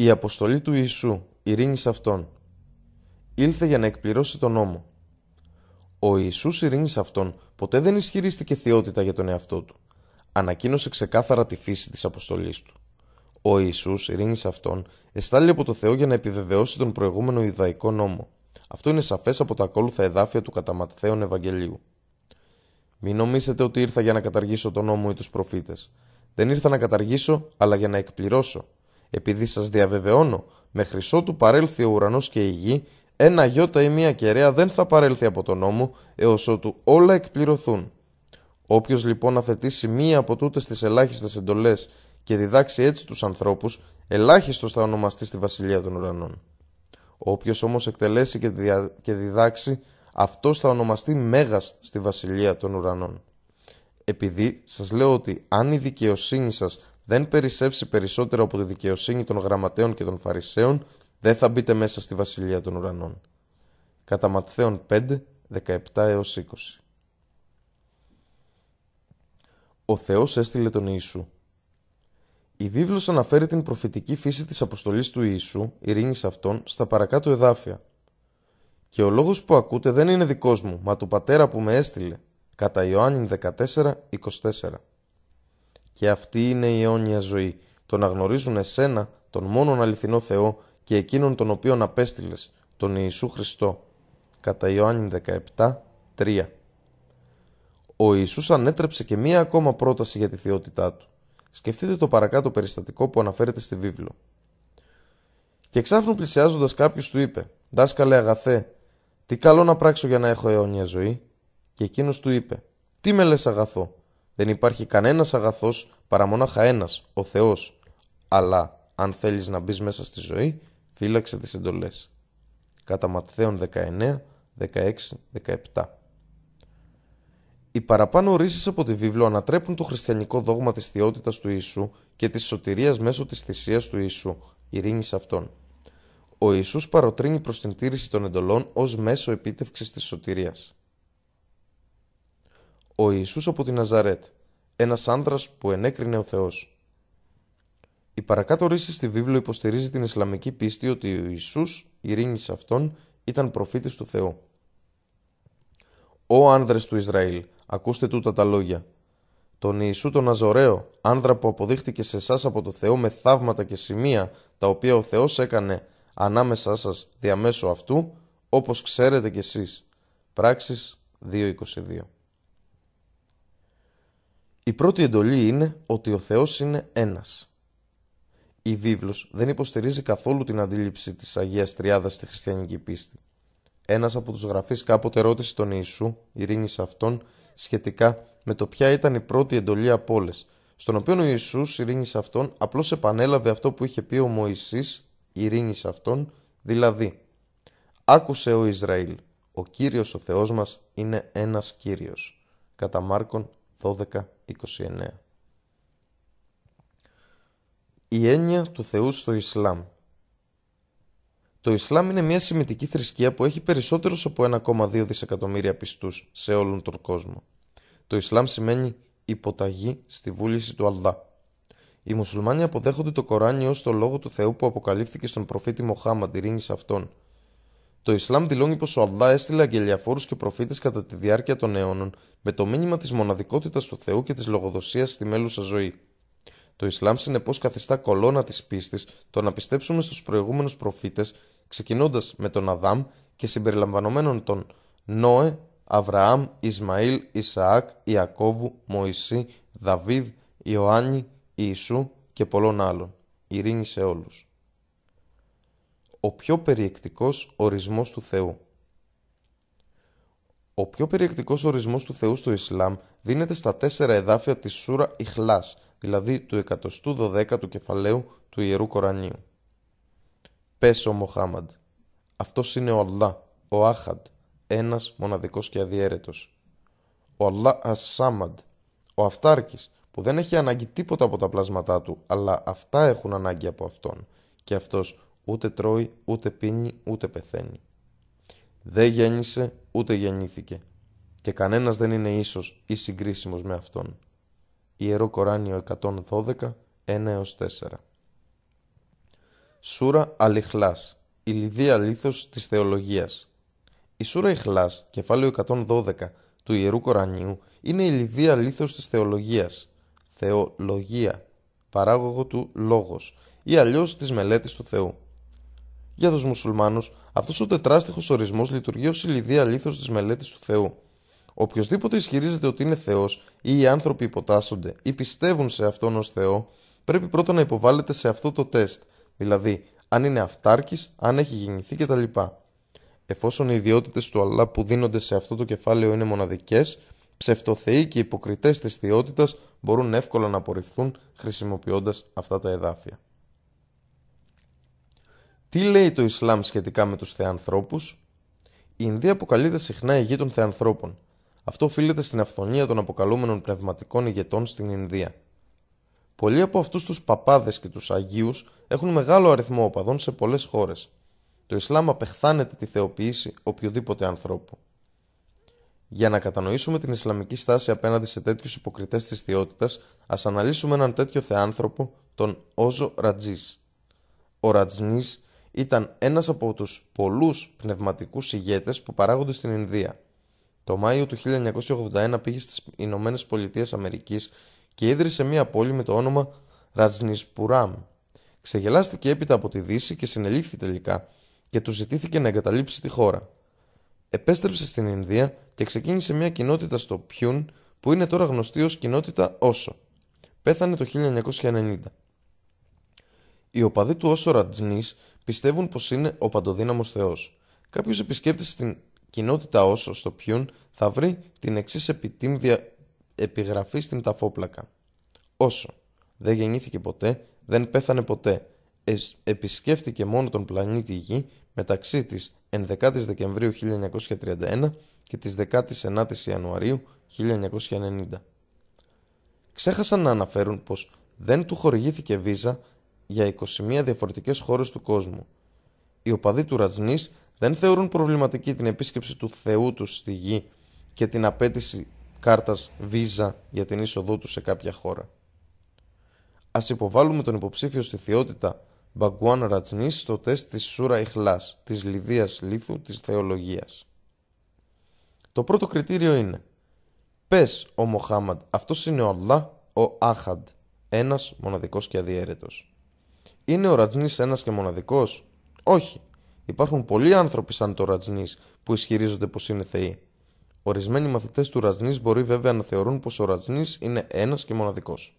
η αποστολή του Ιησού, ειρήνη Αυτόν, ήλθε για να εκπληρώσει τον νόμο. Ο Ιησούς ειρήνη Αυτόν ποτέ δεν ισχυρίστηκε θεότητα για τον εαυτό του. Ανακοίνωσε ξεκάθαρα τη φύση της αποστολής του. Ο Ιησούς ειρήνη Αυτόν εστάλει από το Θεό για να επιβεβαιώσει τον προηγούμενο Ιουδαϊκό νόμο. Αυτό είναι σαφές από τα ακόλουθα εδάφια του καταματθέων Ευαγγελίου. Μην νομίσετε ότι ήρθα για να καταργήσω τον νόμο ή του προφήτες. Δεν ήρθα να καταργήσω, αλλά για να εκπληρώσω επειδή σας διαβεβαιώνω, χρυσό ότου παρέλθει ο ουρανό και η γη, ένα γιώτα ή μία κεραία δεν θα παρέλθει από τον νόμο, έω ότου όλα εκπληρωθούν. Όποιο λοιπόν αθετήσει μία από τούτε τις ελάχιστε εντολές και διδάξει έτσι του ανθρώπου ελάχιστο θα ονομαστεί στη Βασιλεία των Ουρανών. Όποιο όμω εκτελέσει και, διδάξει, αυτό θα ονομαστεί μέγα στη Βασιλεία των Ουρανών. Επειδή σα λέω ότι αν η δικαιοσύνη σα δεν περισσεύσει περισσότερο από τη δικαιοσύνη των γραμματέων και των φαρισαίων, δεν θα μπείτε μέσα στη βασιλεία των ουρανών. Κατά Ματθαίον 5, 17 20 Ο Θεός έστειλε τον Ιησού. Η βίβλος αναφέρει την προφητική φύση της αποστολής του Ιησού, ειρήνης αυτών, στα παρακάτω εδάφια. Και ο λόγος που ακούτε δεν είναι δικός μου, μα του πατέρα που με έστειλε, κατά Ιωάννη 14, 24 και αυτή είναι η αιώνια ζωή, το να γνωρίζουν εσένα, τον μόνον αληθινό Θεό και εκείνον τον οποίον απέστειλες, τον Ιησού Χριστό. Κατά Ιωάννη 17, 3 Ο Ιησούς ανέτρεψε και μία ακόμα πρόταση για τη θεότητά του. Σκεφτείτε το παρακάτω περιστατικό που αναφέρεται στη βίβλο. Και εξάφνου πλησιάζοντα κάποιο του είπε: Δάσκαλε αγαθέ, τι καλό να πράξω για να έχω αιώνια ζωή. Και εκείνο του είπε: Τι με λε αγαθό, δεν υπάρχει κανένας αγαθός παρά μονάχα ένα, ο Θεός. Αλλά αν θέλεις να μπει μέσα στη ζωή, φύλαξε τις εντολές. Κατά Ματθαίων 19, 16, 17. Οι παραπάνω ορίσει από τη βίβλο ανατρέπουν το χριστιανικό δόγμα της θεότητα του Ισού και της σωτηρίας μέσω της θυσία του Ισου, ειρήνη αυτών. Ο Ιησούς παροτρύνει προς την τήρηση των εντολών ως μέσο επίτευξης της σωτηρίας ο Ιησούς από τη Ναζαρέτ, ένας άνδρας που ενέκρινε ο Θεός. Η παρακάτω ρίση στη βίβλο υποστηρίζει την Ισλαμική πίστη ότι ο Ιησούς, ειρήνη σε αυτόν, ήταν προφήτης του Θεού. «Ω άνδρες του Ισραήλ, ακούστε τούτα τα λόγια. Τον Ιησού τον Αζωραίο, άνδρα που αποδείχτηκε σε εσά από το Θεό με θαύματα και σημεία, τα οποία ο Θεός έκανε ανάμεσά σας διαμέσου αυτού, όπως ξέρετε κι εσείς. Πράξεις 2.22 η πρώτη εντολή είναι ότι ο Θεός είναι ένας. Η βίβλος δεν υποστηρίζει καθόλου την αντίληψη της Αγίας Τριάδας στη χριστιανική πίστη. Ένας από τους γραφείς κάποτε ρώτησε τον Ιησού, ειρήνη σε αυτόν, σχετικά με το ποια ήταν η πρώτη εντολή από όλες, στον οποίο ο Ιησούς, ειρήνη σε αυτόν, απλώς επανέλαβε αυτό που είχε πει ο Μωυσής, ειρήνη σε αυτόν, δηλαδή «Άκουσε ο Ισραήλ, ο Κύριος ο Θεός μας είναι ένας Κύριος» κατά Μάρκον 12 29 Η έννοια του Θεού στο Ισλάμ Το Ισλάμ είναι μια σημαντική θρησκεία που έχει περισσότερους από 1,2 δισεκατομμύρια πιστούς σε όλον τον κόσμο. Το Ισλάμ σημαίνει υποταγή στη βούληση του Αλδά. Οι μουσουλμάνοι αποδέχονται το Κοράνι ως το λόγο του Θεού που αποκαλύφθηκε στον προφήτη Μοχάμαντ, ειρήνη σε αυτόν, το Ισλάμ δηλώνει πω ο Αλλά έστειλε αγγελιαφόρου και προφήτε κατά τη διάρκεια των αιώνων με το μήνυμα τη μοναδικότητα του Θεού και τη λογοδοσία στη μέλουσα ζωή. Το Ισλάμ συνεπώ καθιστά κολόνα τη πίστη το να πιστέψουμε στου προηγούμενου προφήτε, ξεκινώντα με τον Αδάμ και συμπεριλαμβανομένων των Νόε, Αβραάμ, Ισμαήλ, Ισαάκ, Ιακώβου, Μωυσή, Δαβίδ, Ιωάννη, Ιησού και πολλών άλλων. Ειρήνη σε όλους ο πιο περιεκτικός ορισμός του Θεού. Ο πιο περιεκτικός ορισμός του Θεού στο Ισλάμ δίνεται στα τέσσερα εδάφια της Σούρα Ιχλάς, δηλαδή του 112ου κεφαλαίου του Ιερού Κορανίου. Πες ο Μοχάμαντ, αυτός είναι ο Αλλά, ο Άχαντ, ένας μοναδικός και αδιέρετος. Ο Αλλά Ασάμαντ, ο Αυτάρκης, που δεν έχει ανάγκη τίποτα από τα πλάσματά του, αλλά αυτά έχουν ανάγκη από αυτόν, και αυτός ούτε τρώει, ούτε πίνει, ούτε πεθαίνει. Δεν γέννησε, ούτε γεννήθηκε. Και κανένας δεν είναι ίσος ή συγκρίσιμος με Αυτόν. Ιερό Κοράνιο 112, 1-4 Σούρα Αλιχλάς, η λιδία λίθος της θεολογίας. Η Σούρα Ιχλάς, κεφάλαιο 112 του Ιερού Κορανίου, είναι η λιδία λίθος της θεολογίας. Θεολογία, παράγωγο του λόγος ή αλλιώς της μελέτης του Θεού. Για του μουσουλμάνου, αυτό ο τετράστιχο ορισμό λειτουργεί ω ηλιδία αλήθεια τη μελέτη του Θεού. Οποιοδήποτε ισχυρίζεται ότι είναι Θεό ή οι άνθρωποι υποτάσσονται ή πιστεύουν σε αυτόν ω Θεό, πρέπει πρώτα να υποβάλλεται σε αυτό το τεστ, δηλαδή αν είναι αυτάρκη, αν έχει γεννηθεί κτλ. Εφόσον οι ιδιότητε του Αλλά που δίνονται σε αυτό το κεφάλαιο είναι μοναδικέ, ψευτοθεοί και υποκριτέ τη θεότητα μπορούν εύκολα να απορριφθούν χρησιμοποιώντα αυτά τα εδάφια. Τι λέει το Ισλάμ σχετικά με του θεανθρώπου, Η Ινδία αποκαλείται συχνά η γη των θεανθρώπων. Αυτό οφείλεται στην αυθονία των αποκαλούμενων πνευματικών ηγετών στην Ινδία. Πολλοί από αυτού του παπάδε και του Αγίου έχουν μεγάλο αριθμό οπαδών σε πολλέ χώρε. Το Ισλάμ απεχθάνεται τη θεοποίηση οποιοδήποτε ανθρώπου. Για να κατανοήσουμε την Ισλαμική στάση απέναντι σε τέτοιου υποκριτέ τη θεότητα, α αναλύσουμε έναν τέτοιο θεάνθρωπο, τον Όζο Ρατζή. Ο Ρατζνή ήταν ένας από τους πολλούς πνευματικούς ηγέτες που παράγονται στην Ινδία. Το Μάιο του 1981 πήγε στις Ηνωμένε Πολιτείες Αμερικής και ίδρυσε μια πόλη με το όνομα Ρατζνισπουράμ. Ξεγελάστηκε έπειτα από τη Δύση και συνελήφθη τελικά και του ζητήθηκε να εγκαταλείψει τη χώρα. Επέστρεψε στην Ινδία και ξεκίνησε μια κοινότητα στο Πιούν που είναι τώρα γνωστή ως κοινότητα Όσο. Πέθανε το 1990. Οι οπαδοί του Όσο Ρατζνή πιστεύουν πω είναι ο παντοδύναμο Θεό. Κάποιο επισκέπτη στην κοινότητα Όσο στο Πιούν θα βρει την εξή επιτύμβια επιγραφή στην ταφόπλακα. Όσο δεν γεννήθηκε ποτέ, δεν πέθανε ποτέ. Ε, επισκέφτηκε μόνο τον πλανήτη Γη μεταξύ της 11 Δεκεμβρίου 1931 και της 19 Ιανουαρίου 1990. Ξέχασαν να αναφέρουν πως δεν του χορηγήθηκε βίζα για 21 διαφορετικές χώρε του κόσμου. Οι οπαδοί του Ρατζνή δεν θεωρούν προβληματική την επίσκεψη του Θεού του στη γη και την απέτηση κάρτας βίζα για την είσοδό του σε κάποια χώρα. Ας υποβάλουμε τον υποψήφιο στη θεότητα Μπαγκουάν Ρατζνή στο τεστ της Σούρα Ιχλάς, της Λιδίας Λίθου της Θεολογίας. Το πρώτο κριτήριο είναι Πε ο Μοχάμαντ, αυτό είναι ο Αλλά, ο Άχαντ, ένα μοναδικό και αδιέρετος». Είναι ο Ρατζνής ένας και μοναδικός? Όχι. Υπάρχουν πολλοί άνθρωποι σαν το Ρατζνής που ισχυρίζονται πως είναι Θεοί. Ορισμένοι μαθητές του Ρατζνής μπορεί βέβαια να θεωρούν πως ο Ρατζνής είναι ένας και μοναδικός.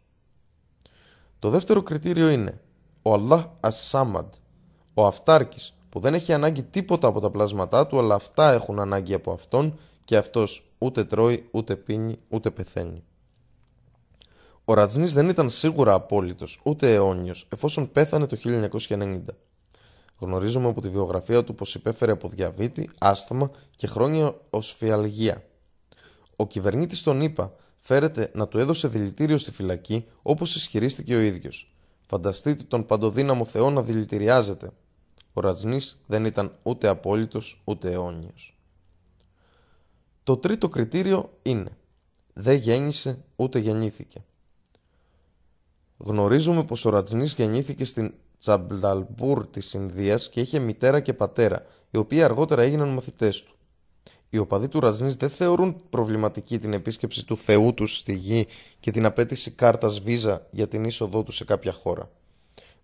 Το δεύτερο κριτήριο είναι ο Αλλάχ Ασάμαντ, ο αυτάρκης, που δεν έχει ανάγκη τίποτα από τα πλάσματά του, αλλά αυτά έχουν ανάγκη από αυτόν και αυτό ούτε τρώει, ούτε πίνει, ούτε πεθαίνει. Ο Ρατζνή δεν ήταν σίγουρα απόλυτο ούτε αιώνιο εφόσον πέθανε το 1990. Γνωρίζουμε από τη βιογραφία του πω υπέφερε από διαβήτη, άσθμα και χρόνια φιαλγία. Ο κυβερνήτη τον είπα, φέρεται να του έδωσε δηλητήριο στη φυλακή όπω ισχυρίστηκε ο ίδιο. Φανταστείτε τον παντοδύναμο Θεό να δηλητηριάζεται. Ο Ρατζνή δεν ήταν ούτε απόλυτο ούτε αιώνιο. Το τρίτο κριτήριο είναι. Δεν γέννησε ούτε γεννήθηκε. Γνωρίζουμε πως ο Ρατζνής γεννήθηκε στην Τσαμπλαλμπούρ της Ινδίας και είχε μητέρα και πατέρα, οι οποίοι αργότερα έγιναν μαθητές του. Οι οπαδοί του Ρατζνής δεν θεωρούν προβληματική την επίσκεψη του Θεού του στη γη και την απέτηση κάρτας βίζα για την είσοδό του σε κάποια χώρα.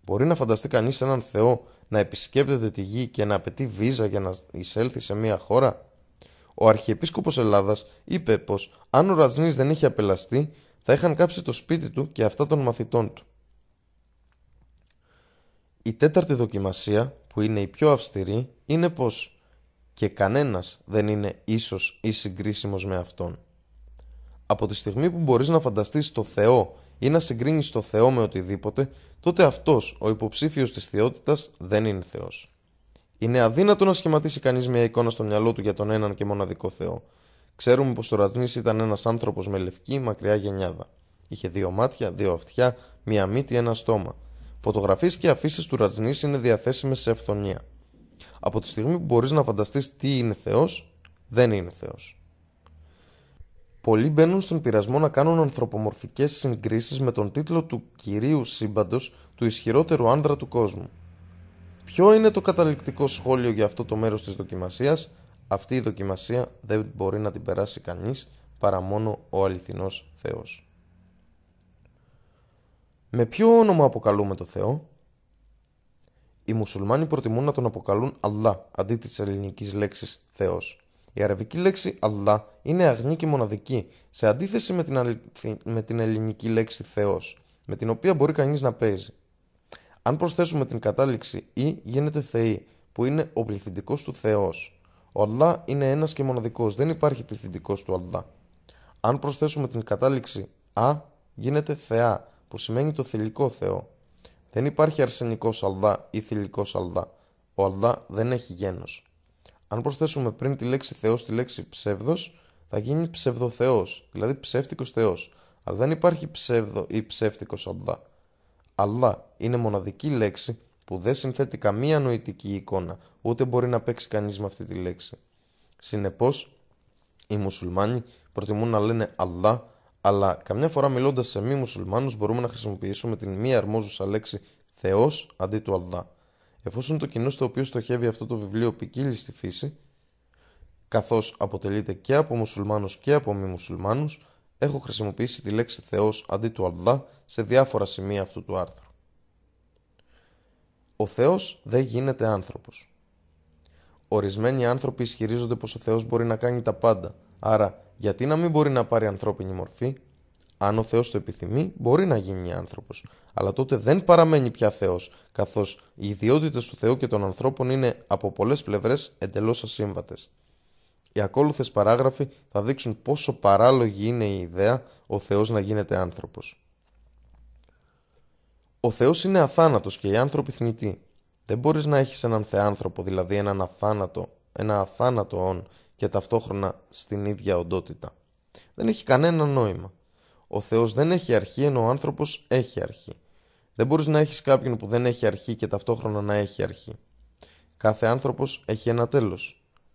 Μπορεί να φανταστεί κανείς έναν Θεό να επισκέπτεται τη γη και να απαιτεί βίζα για να εισέλθει σε μια χώρα. Ο Αρχιεπίσκοπος Ελλάδας είπε πως αν ο Ρατζνής δεν είχε απελαστεί, θα είχαν κάψει το σπίτι του και αυτά των μαθητών του. Η τέταρτη δοκιμασία, που είναι η πιο αυστηρή, είναι πως και κανένας δεν είναι ίσος ή συγκρίσιμος με Αυτόν. Από τη στιγμή που μπορείς να φανταστείς το Θεό ή να συγκρίνεις το Θεό με οτιδήποτε, τότε αυτός, ο υποψήφιος της θεότητας, δεν είναι Θεός. Είναι αδύνατο να σχηματίσει κανείς μια εικόνα στο μυαλό του για τον έναν και μοναδικό Θεό, Ξέρουμε πω ο Ρατμή ήταν ένα άνθρωπο με λευκή μακριά γενιάδα. Είχε δύο μάτια, δύο αυτιά, μία μύτη, ένα στόμα. Φωτογραφίε και αφήσει του Ρατμή είναι διαθέσιμε σε ευθονία. Από τη στιγμή που μπορεί να φανταστεί τι είναι Θεό, δεν είναι Θεό. Πολλοί μπαίνουν στον πειρασμό να κάνουν ανθρωπομορφικέ συγκρίσει με τον τίτλο του κυρίου σύμπαντο του ισχυρότερου Άντρα του κόσμου. Ποιο είναι το καταληκτικό σχόλιο για αυτό το μέρο τη δοκιμασία, αυτή η δοκιμασία δεν μπορεί να την περάσει κανείς παρά μόνο ο αληθινός Θεός. Με ποιο όνομα αποκαλούμε το Θεό? Οι μουσουλμάνοι προτιμούν να τον αποκαλούν Αλλά αντί της ελληνικής λέξης Θεός. Η αραβική λέξη Αλλά είναι αγνή και μοναδική σε αντίθεση με την, με την ελληνική λέξη Θεός με την οποία μπορεί κανείς να παίζει. Αν προσθέσουμε την κατάληξη «η» γίνεται «θεή» που είναι ο πληθυντικός του Θεός. Ο Αλλά είναι ένα και μοναδικό, δεν υπάρχει πληθυντικός του Αλλά. Αν προσθέσουμε την κατάληξη Α, γίνεται Θεά, που σημαίνει το θηλυκό Θεό. Δεν υπάρχει αρσενικό αλδά ή θηλυκό αλδά. Ο αλδά δεν έχει γένο. Αν προσθέσουμε πριν τη λέξη Θεό τη λέξη ψεύδο, θα γίνει ψευδοθεό, δηλαδή ψεύτικο Θεό. Αλλά δεν υπάρχει ψεύδο ή ψεύτικο αλδά. Αλλά είναι μοναδική λέξη που δεν συνθέτει καμία νοητική εικόνα, ούτε μπορεί να παίξει κανεί με αυτή τη λέξη. Συνεπώ, οι μουσουλμάνοι προτιμούν να λένε Allah, αλλά καμιά φορά μιλώντα σε μη μουσουλμάνου μπορούμε να χρησιμοποιήσουμε την μη αρμόζουσα λέξη Θεό αντί του Allah. Εφόσον το κοινό στο οποίο στοχεύει αυτό το βιβλίο ποικίλει στη φύση, καθώ αποτελείται και από μουσουλμάνου και από μη μουσουλμάνου, έχω χρησιμοποιήσει τη λέξη Θεό αντί του Allah σε διάφορα σημεία αυτού του άρθρου. Ο Θεός δεν γίνεται άνθρωπος. Ορισμένοι άνθρωποι ισχυρίζονται πως ο Θεός μπορεί να κάνει τα πάντα, άρα γιατί να μην μπορεί να πάρει ανθρώπινη μορφή. Αν ο Θεός το επιθυμεί, μπορεί να γίνει άνθρωπος, αλλά τότε δεν παραμένει πια Θεός, καθώς οι ιδιότητες του Θεού και των ανθρώπων είναι από πολλές πλευρές εντελώς ασύμβατες. Οι ακόλουθες παράγραφοι θα δείξουν πόσο παράλογη είναι η ιδέα ο Θεός να γίνεται άνθρωπος. Ο Θεό είναι αθάνατο και οι άνθρωποι θνητοί. Δεν μπορεί να έχει έναν θεάνθρωπο, δηλαδή έναν αθάνατο, ένα αθάνατο όν και ταυτόχρονα στην ίδια οντότητα. Δεν έχει κανένα νόημα. Ο Θεό δεν έχει αρχή ενώ ο άνθρωπο έχει αρχή. Δεν μπορεί να έχει κάποιον που δεν έχει αρχή και ταυτόχρονα να έχει αρχή. Κάθε άνθρωπο έχει ένα τέλο.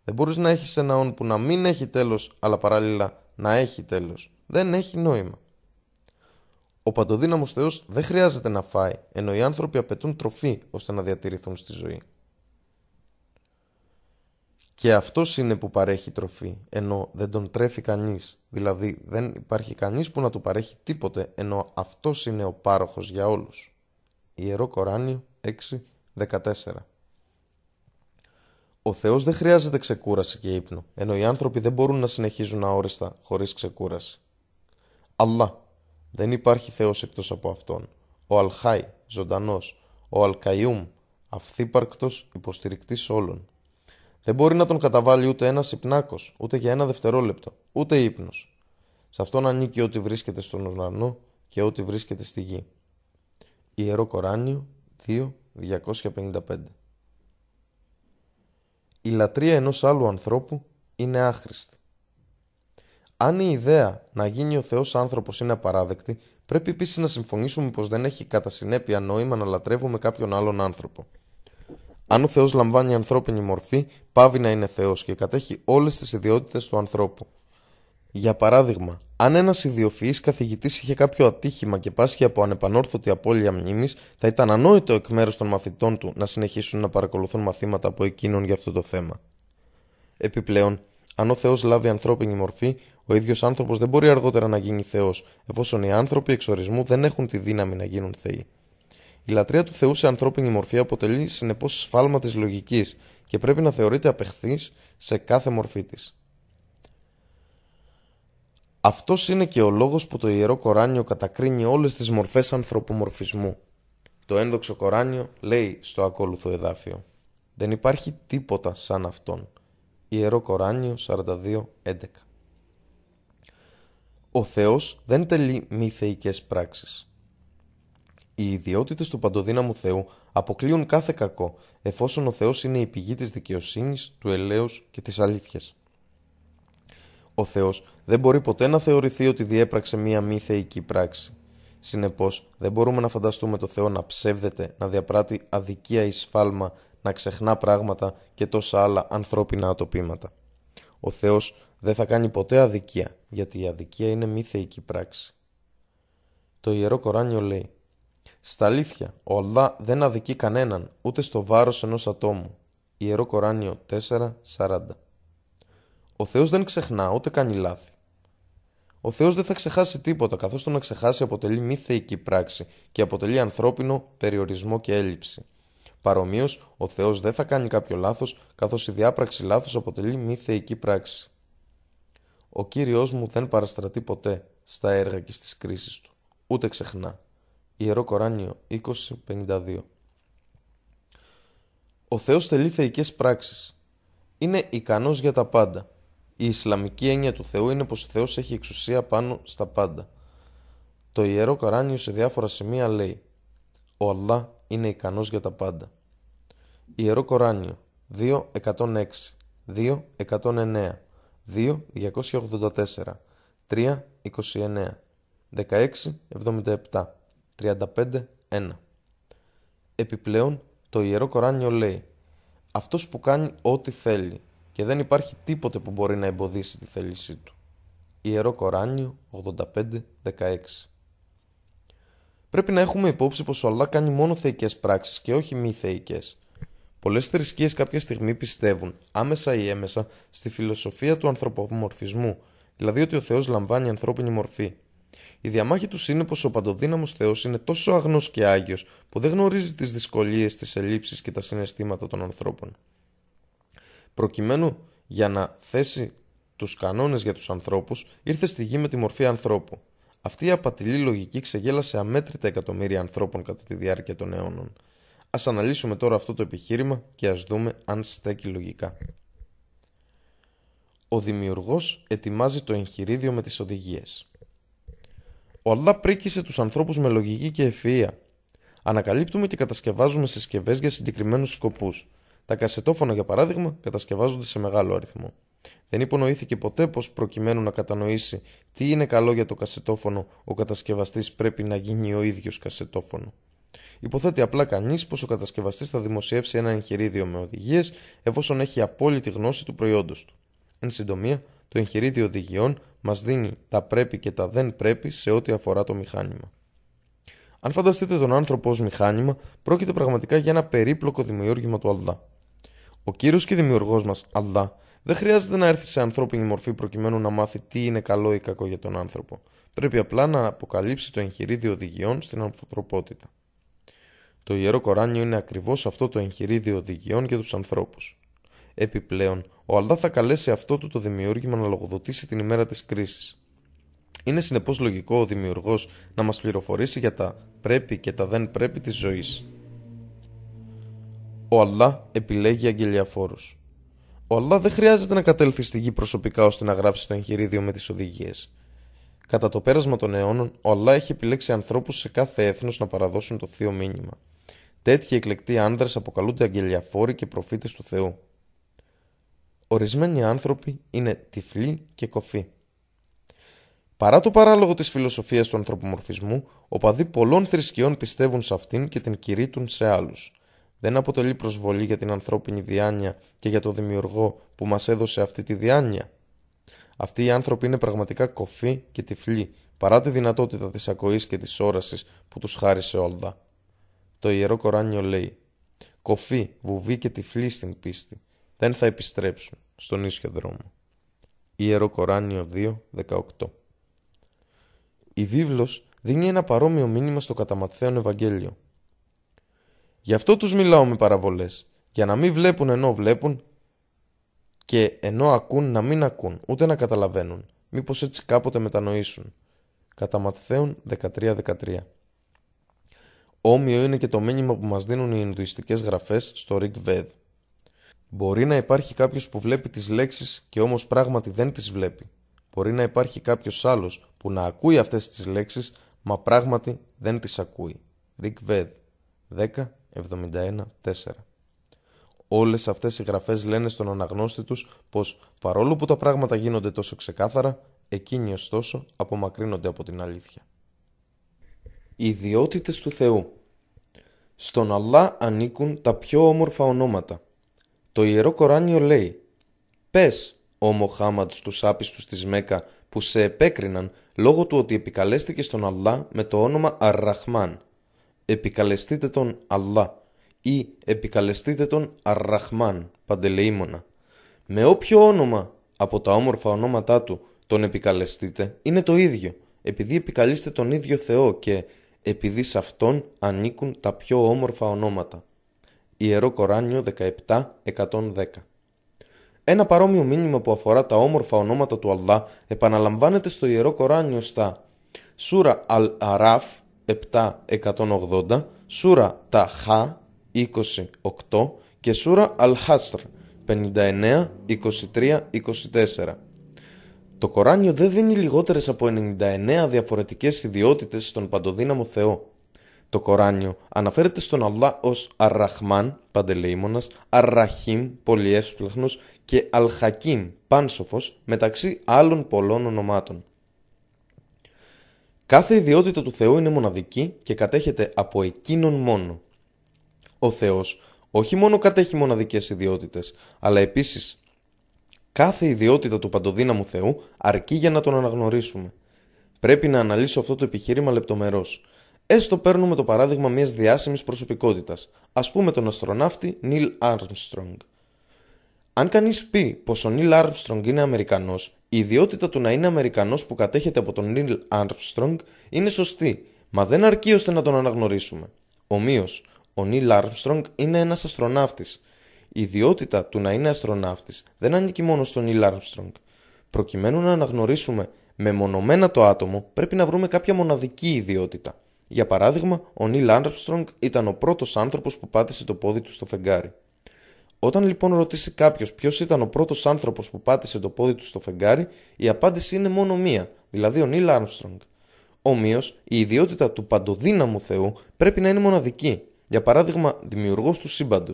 Δεν μπορεί να έχει ένα όν που να μην έχει τέλο, αλλά παράλληλα να έχει τέλο. Δεν έχει νόημα. Ο παντοδύναμο Θεό δεν χρειάζεται να φάει, ενώ οι άνθρωποι απαιτούν τροφή ώστε να διατηρηθούν στη ζωή. Και αυτό είναι που παρέχει τροφή, ενώ δεν τον τρέφει κανεί. Δηλαδή δεν υπάρχει κανεί που να του παρέχει τίποτε, ενώ αυτό είναι ο πάροχο για όλου. Ιερό Κοράνιο 6:14 Ο Θεό δεν χρειάζεται ξεκούραση και ύπνο, ενώ οι άνθρωποι δεν μπορούν να συνεχίζουν αόριστα χωρί ξεκούραση. Αλλά δεν υπάρχει Θεός εκτός από Αυτόν. Ο Αλχάι, ζωντανός. Ο Αλκαϊούμ, αυθύπαρκτος υποστηρικτής όλων. Δεν μπορεί να τον καταβάλει ούτε ένας υπνάκος, ούτε για ένα δευτερόλεπτο, ούτε ύπνος. Σε αυτόν ανήκει ό,τι βρίσκεται στον ουρανό και ό,τι βρίσκεται στη γη. Ιερό Κοράνιο 2.255 Η λατρεία ενός άλλου ανθρώπου είναι άχρηστη. Αν η ιδέα να γίνει ο Θεό άνθρωπο είναι απαράδεκτη, πρέπει επίση να συμφωνήσουμε πω δεν έχει κατά συνέπεια νόημα να λατρεύουμε κάποιον άλλον άνθρωπο. Αν ο Θεό λαμβάνει ανθρώπινη μορφή, πάβει να είναι Θεό και κατέχει όλε τι ιδιότητε του ανθρώπου. Για παράδειγμα, αν ένα ιδιοφυή καθηγητή είχε κάποιο ατύχημα και πάσχει από ανεπανόρθωτη απώλεια μνήμη, θα ήταν ανόητο εκ μέρου των μαθητών του να συνεχίσουν να παρακολουθούν μαθήματα από εκείνον για αυτό το θέμα. Επιπλέον, αν ο Θεό λάβει ανθρώπινη μορφή, ο ίδιο άνθρωπο δεν μπορεί αργότερα να γίνει Θεό, εφόσον οι άνθρωποι εξορισμού δεν έχουν τη δύναμη να γίνουν Θεοί. Η λατρεία του Θεού σε ανθρώπινη μορφή αποτελεί συνεπώ σφάλμα τη λογική και πρέπει να θεωρείται απεχθή σε κάθε μορφή τη. Αυτό είναι και ο λόγο που το ιερό Κοράνιο κατακρίνει όλε τι μορφέ ανθρωπομορφισμού. Το ένδοξο Κοράνιο λέει στο ακόλουθο εδάφιο. Δεν υπάρχει τίποτα σαν αυτόν. Ιερό Κοράνιο 42.11 ο Θεός δεν τελεί μη θεϊκές πράξεις. Οι ιδιότητες του παντοδύναμου Θεού αποκλείουν κάθε κακό, εφόσον ο Θεός είναι η πηγή της δικαιοσύνης, του ελέους και της αλήθειας. Ο Θεός δεν μπορεί ποτέ να θεωρηθεί ότι διέπραξε μία μη θεϊκή πράξη. Συνεπώς, δεν μπορούμε να φανταστούμε το Θεό να ψεύδεται, να διαπράττει αδικία ή σφάλμα, να ξεχνά πράγματα και τόσα άλλα ανθρώπινα ατοπήματα. Ο Θεός δεν θα κάνει ποτέ αδικία γιατί η αδικία είναι μη θεϊκή πράξη. Το Ιερό Κοράνιο λέει «Στα αλήθεια, ο Αλλά δεν αδικεί κανέναν, ούτε στο βάρος ενός ατόμου». Ιερό Κοράνιο 4.40 Ο Θεός δεν ξεχνά, ούτε κάνει λάθη. Ο Θεός δεν θα ξεχάσει τίποτα, καθώς το να ξεχάσει αποτελεί μη θεϊκή πράξη και αποτελεί ανθρώπινο περιορισμό και έλλειψη. Παρομοίως, ο Θεό δεν θα κάνει κάποιο λάθο, καθώ η διάπραξη λάθο αποτελεί μη θεϊκή πράξη. Ο Κύριος μου δεν παραστρατεί ποτέ στα έργα και στις κρίσεις του, ούτε ξεχνά. Ιερό Κοράνιο 20.52 Ο Θεός θελεί θεϊκές πράξεις. Είναι ικανός για τα πάντα. Η Ισλαμική έννοια του Θεού είναι πως ο Θεός έχει εξουσία πάνω στα πάντα. Το Ιερό Κοράνιο σε διάφορα σημεία λέει «Ο Αλλά είναι ικανός για τα πάντα». Ιερό Κοράνιο 2.106 2.109 2. 284 3. 29 16. 77 35. 1 Επιπλέον, το Ιερό Κοράνιο λέει «Αυτός που κάνει ό,τι θέλει και δεν υπάρχει τίποτε που μπορεί να εμποδίσει τη θέλησή του». Ιερό Κοράνιο 85-16 Πρέπει να έχουμε υπόψη πως ο Αλλά κάνει μόνο θεϊκές πράξεις και όχι μη θεϊκές. Πολλέ θρησκείε κάποια στιγμή πιστεύουν, άμεσα ή έμεσα, στη φιλοσοφία του ανθρωπομορφισμού, δηλαδή ότι ο Θεός λαμβάνει ανθρώπινη μορφή. Η διαμάχη του ανθρωπομορφισμου δηλαδη οτι ο θεο λαμβανει ανθρωπινη μορφη η διαμαχη του ειναι πω ο παντοδύναμο Θεό είναι τόσο αγνό και άγιο που δεν γνωρίζει τι δυσκολίε, τι ελλείψει και τα συναισθήματα των ανθρώπων. Προκειμένου για να θέσει του κανόνε για του ανθρώπου, ήρθε στη γη με τη μορφή ανθρώπου. Αυτή η απατηλή λογική ξεγέλασε αμέτρητα εκατομμύρια ανθρώπων κατά τη διάρκεια των αιώνων. Ας αναλύσουμε τώρα αυτό το επιχείρημα και ας δούμε αν στέκει λογικά. Ο δημιουργός ετοιμάζει το εγχειρίδιο με τις οδηγίες. Ο Αλλά πρίκησε τους ανθρώπους με λογική και ευφυΐα. Ανακαλύπτουμε και κατασκευάζουμε συσκευές για συγκεκριμένους σκοπούς. Τα κασετόφωνα, για παράδειγμα, κατασκευάζονται σε μεγάλο αριθμό. Δεν υπονοήθηκε ποτέ πω προκειμένου να κατανοήσει τι είναι καλό για το κασετόφωνο, ο κατασκευαστή πρέπει να γίνει ο ίδιο κασετόφωνο. Υποθέτει απλά κανεί πω ο κατασκευαστή θα δημοσιεύσει ένα εγχειρίδιο με οδηγίε εφόσον έχει απόλυτη γνώση του προϊόντο του. Εν συντομία, το εγχειρίδιο οδηγιών μα δίνει τα πρέπει και τα δεν πρέπει σε ό,τι αφορά το μηχάνημα. Αν φανταστείτε τον άνθρωπο ω μηχάνημα, πρόκειται πραγματικά για ένα περίπλοκο δημιούργημα του Αλδά. Ο κύριο και δημιουργό μα, Αλδά, δεν χρειάζεται να έρθει σε ανθρώπινη μορφή προκειμένου να μάθει τι είναι καλό ή κακό για τον άνθρωπο. Πρέπει απλά να αποκαλύψει το εγχειρίδιο οδηγιών στην ανθρωπότητα. Το Ιερό Κοράνιο είναι ακριβώς αυτό το εγχειρίδιο οδηγιών για τους ανθρώπους. Επιπλέον, ο Αλλά θα καλέσει αυτό του το δημιούργημα να λογοδοτήσει την ημέρα της κρίσης. Είναι συνεπώς λογικό ο δημιουργός να μας πληροφορήσει για τα πρέπει και τα δεν πρέπει της ζωής. Ο Αλλά επιλέγει αγγελιαφόρους. Ο Αλλά δεν χρειάζεται να κατέλθει στη γη προσωπικά ώστε να γράψει το εγχειρίδιο με τις οδηγίες. Κατά το πέρασμα των αιώνων, ο Αλλά έχει επιλέξει ανθρώπου σε κάθε έθνο να παραδώσουν το θείο μήνυμα. Τέτοιοι εκλεκτοί άνδρε αποκαλούνται αγγελιαφόροι και προφήτε του Θεού. Ορισμένοι άνθρωποι είναι τυφλοί και κοφοί. Παρά το παράλογο τη φιλοσοφία του ανθρωπομορφισμού, οπαδοί πολλών θρησκειών πιστεύουν σε αυτήν και την κηρύττουν σε άλλου. Δεν αποτελεί προσβολή για την ανθρώπινη διάνοια και για το δημιουργό που μα έδωσε αυτή τη διάνοια. Αυτοί οι άνθρωποι είναι πραγματικά κοφοί και τυφλοί, παρά τη δυνατότητα τη ακοή και τη όραση που του χάρισε Όλδα. Το Ιερό Κοράνιο λέει «Κοφή, βουβή και τυφλή στην πίστη, δεν θα επιστρέψουν στον ίσιο δρόμο». Ιερό Κοράνιο 2.18 Η βίβλος δίνει ένα παρόμοιο μήνυμα στο καταματθέον Ευαγγέλιο. Γι' αυτό τους μιλάω με παραβολές, για να μην βλέπουν ενώ βλέπουν και ενώ ακούν να μην ακούν, ούτε να καταλαβαίνουν, μήπως έτσι κάποτε μετανοήσουν. Κατά Ματθαίον 13-13 Όμοιο είναι και το μήνυμα που μας δίνουν οι Ινδουιστικές γραφές στο Rig Ved. Μπορεί να υπάρχει κάποιος που βλέπει τις λέξεις και όμως πράγματι δεν τις βλέπει. Μπορεί να υπάρχει κάποιος άλλος που να ακούει αυτές τις λέξεις μα πράγματι δεν τις ακούει. Rig Ved 10.71.4 Όλες αυτές οι γραφές λένε στον αναγνώστη του πως παρόλο που τα πράγματα γίνονται τόσο ξεκάθαρα, εκείνοι ωστόσο απομακρύνονται από την αλήθεια ιδιότητες του Θεού. Στον Αλλά ανήκουν τα πιο όμορφα ονόματα. Το Ιερό Κοράνιο λέει «Πες, ο Μοχάμαντ στους άπιστους της Μέκα που σε επέκριναν λόγω του ότι επικαλέστηκε στον Αλλά με το όνομα Αρραχμάν. Επικαλεστείτε τον Αλλά ή επικαλεστείτε τον Αρραχμάν, παντελεήμονα. Με όποιο όνομα από τα όμορφα ονόματά του τον επικαλεστείτε είναι το ίδιο, επειδή επικαλείστε τον ίδιο Θεό και επειδή σε αυτόν ανήκουν τα πιο όμορφα ονόματα. Ιερό Κοράνιο 17.110 Ένα παρόμοιο μήνυμα που αφορά τα όμορφα ονόματα του Αλλά επαναλαμβάνεται στο Ιερό Κοράνιο στα Σούρα Αλ-Αράφ 7.180 Σούρα τα Χά, 28 και Σούρα Αλ-Χάσρ 59-23-24 το Κοράνιο δεν δίνει λιγότερες από 99 διαφορετικές ιδιότητες στον παντοδύναμο Θεό. Το Κοράνιο αναφέρεται στον Αλλά ως Αρραχμάν, παντελεήμονας, Αρραχήμ, πολυεύσπλαχνος και Αλχακίμ, πάνσοφος, μεταξύ άλλων πολλών ονομάτων. Κάθε ιδιότητα του Θεού είναι μοναδική και κατέχεται από εκείνον μόνο. Ο Θεός όχι μόνο κατέχει μοναδικές ιδιότητες, αλλά επίσης Κάθε ιδιότητα του παντοδύναμου Θεού αρκεί για να τον αναγνωρίσουμε. Πρέπει να αναλύσω αυτό το επιχείρημα λεπτομερώ. Έστω παίρνουμε το παράδειγμα μια διάσημη προσωπικότητα, α πούμε τον αστροναύτη Νίλ Άρμστρονγκ. Αν κανεί πει πω ο Νίλ Άρμστρονγκ είναι Αμερικανό, η ιδιότητα του να είναι Αμερικανό που κατέχεται από τον Νίλ Armstrong είναι σωστή, μα δεν αρκεί ώστε να τον αναγνωρίσουμε. Ομοίω, ο Νίλ Άρμστρονγκ είναι ένα αστροναύτη η ιδιότητα του να είναι αστροναύτης δεν ανήκει μόνο στον Νίλ Άρμστρονγκ. Προκειμένου να αναγνωρίσουμε μεμονωμένα το άτομο, πρέπει να βρούμε κάποια μοναδική ιδιότητα. Για παράδειγμα, ο Νίλ Άρμστρονγκ ήταν ο πρώτο άνθρωπο που πάτησε το πόδι του στο φεγγάρι. Όταν λοιπόν ρωτήσει κάποιο ποιο ήταν ο πρώτο άνθρωπο που πάτησε το πόδι του στο φεγγάρι, η απάντηση είναι μόνο μία, δηλαδή ο Νίλ Άρμστρονγκ. Ομοίω, η ιδιότητα του παντοδύναμου Θεού πρέπει να είναι μοναδική. Για παράδειγμα, δημιουργό του σύμπαντο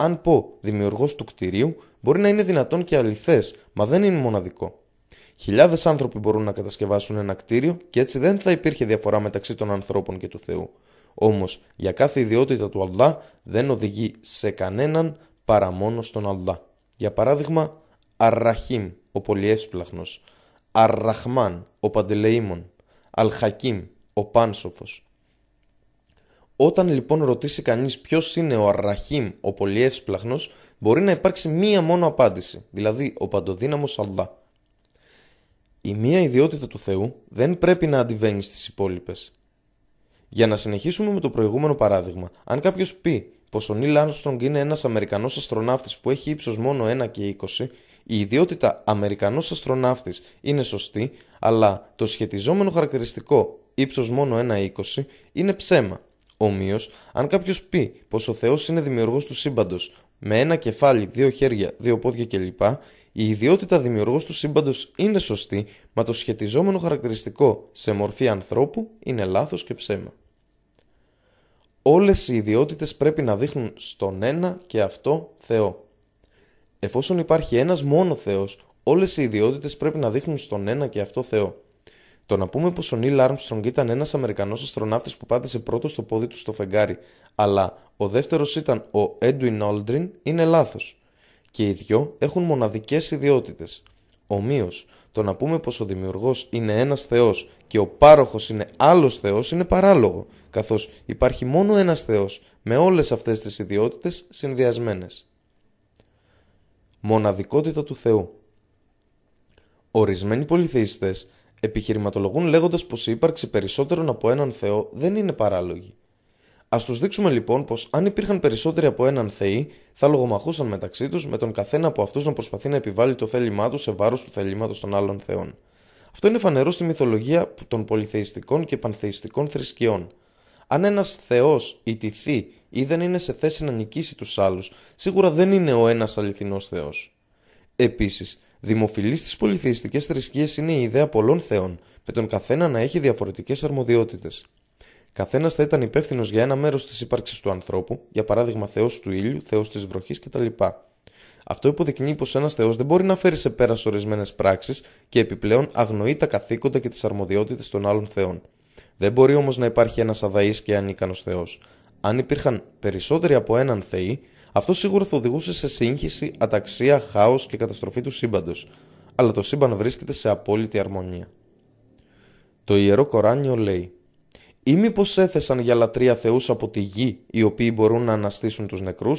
αν πω δημιουργό του κτίριου, μπορεί να είναι δυνατόν και αληθέ, μα δεν είναι μοναδικό. Χιλιάδε άνθρωποι μπορούν να κατασκευάσουν ένα κτίριο και έτσι δεν θα υπήρχε διαφορά μεταξύ των ανθρώπων και του Θεού. Όμω, για κάθε ιδιότητα του Αλλά δεν οδηγεί σε κανέναν παρά μόνο στον Αλλά. Για παράδειγμα, Αρραχήμ, ο πολυεύσπλαχνος, Αρραχμάν, ο παντελεήμων, Αλχακίμ, ο πάνσοφος, όταν λοιπόν ρωτήσει κανείς ποιος είναι ο Αρραχήμ, ο πολυεύσπλαχνος, μπορεί να υπάρξει μία μόνο απάντηση, δηλαδή ο παντοδύναμος Αλλά. Η μία ιδιότητα του Θεού δεν πρέπει να αντιβαίνει στις υπόλοιπε. Για να συνεχίσουμε με το προηγούμενο παράδειγμα, αν κάποιο πει πω ο Νίλ Άρμστρονγκ είναι ένα Αμερικανό αστροναύτη που έχει ύψο μόνο 1 και 20, η ιδιότητα Αμερικανό αστροναύτη είναι σωστή, αλλά το σχετιζόμενο χαρακτηριστικό ύψο μόνο 1,20 είναι ψέμα. Ομοίω, αν κάποιο πει πω ο Θεό είναι δημιουργό του σύμπαντο με ένα κεφάλι, δύο χέρια, δύο πόδια κλπ., η ιδιότητα δημιουργό του σύμπαντο είναι σωστή, μα το σχετιζόμενο χαρακτηριστικό σε μορφή ανθρώπου είναι λάθο και ψέμα. Όλε οι ιδιότητε πρέπει να δείχνουν στον ένα και αυτό Θεό. Εφόσον υπάρχει ένα μόνο Θεό, όλε οι ιδιότητε πρέπει να δείχνουν στον ένα και αυτό Θεό. Το να πούμε πω ο Νίλ Άρμστρονγκ ήταν ένα Αμερικανό αστροναύτη που πάτησε πρώτο στο πόδι του στο φεγγάρι, αλλά ο δεύτερο ήταν ο Έντουιν Όλτριν, είναι λάθο. Και οι δυο έχουν μοναδικέ ιδιότητε. Ομοίω, το να πούμε πω ο δημιουργό είναι ένα Θεό και ο πάροχο είναι άλλο Θεό είναι παράλογο, καθώ υπάρχει μόνο ένα Θεό με όλε αυτέ τι ιδιότητε συνδυασμένε. Μοναδικότητα του Θεού. Ορισμένοι πολυθεϊστές επιχειρηματολογούν λέγοντα πω η ύπαρξη περισσότερων από έναν Θεό δεν είναι παράλογη. Α του δείξουμε λοιπόν πω αν υπήρχαν περισσότεροι από έναν θεή θα λογομαχούσαν μεταξύ του με τον καθένα από αυτού να προσπαθεί να επιβάλλει το θέλημά του σε βάρο του θελήματο των άλλων Θεών. Αυτό είναι φανερό στη μυθολογία των πολυθεϊστικών και πανθεϊστικών θρησκειών. Αν ένα Θεό ιτηθεί ή δεν είναι σε θέση να νικήσει του άλλου, σίγουρα δεν είναι ο ένα αληθινό Θεό. Επίση, Δημοφιλή στι πολυθεϊστικέ θρησκείε είναι η ιδέα πολλών θεών, με τον καθένα να έχει διαφορετικέ αρμοδιότητε. Καθένα θα ήταν υπεύθυνο για ένα μέρο τη ύπαρξη του ανθρώπου, για παράδειγμα Θεό του ήλιου, Θεό τη βροχή κτλ. Αυτό υποδεικνύει πω ένα Θεό δεν μπορεί να φέρει σε πέρα ορισμένε πράξει και επιπλέον αγνοεί τα καθήκοντα και τι αρμοδιότητε των άλλων Θεών. Δεν μπορεί όμω να υπάρχει ένα αδαή και ανίκανο Θεό. Αν υπήρχαν περισσότεροι από έναν Θεή, αυτό σίγουρα θα οδηγούσε σε σύγχυση, αταξία, χάο και καταστροφή του σύμπαντο, αλλά το σύμπαν βρίσκεται σε απόλυτη αρμονία. Το ιερό Κοράνιο λέει: Ή μήπω έθεσαν για λατρεία θεού από τη γη οι οποίοι μπορούν να αναστήσουν του νεκρού,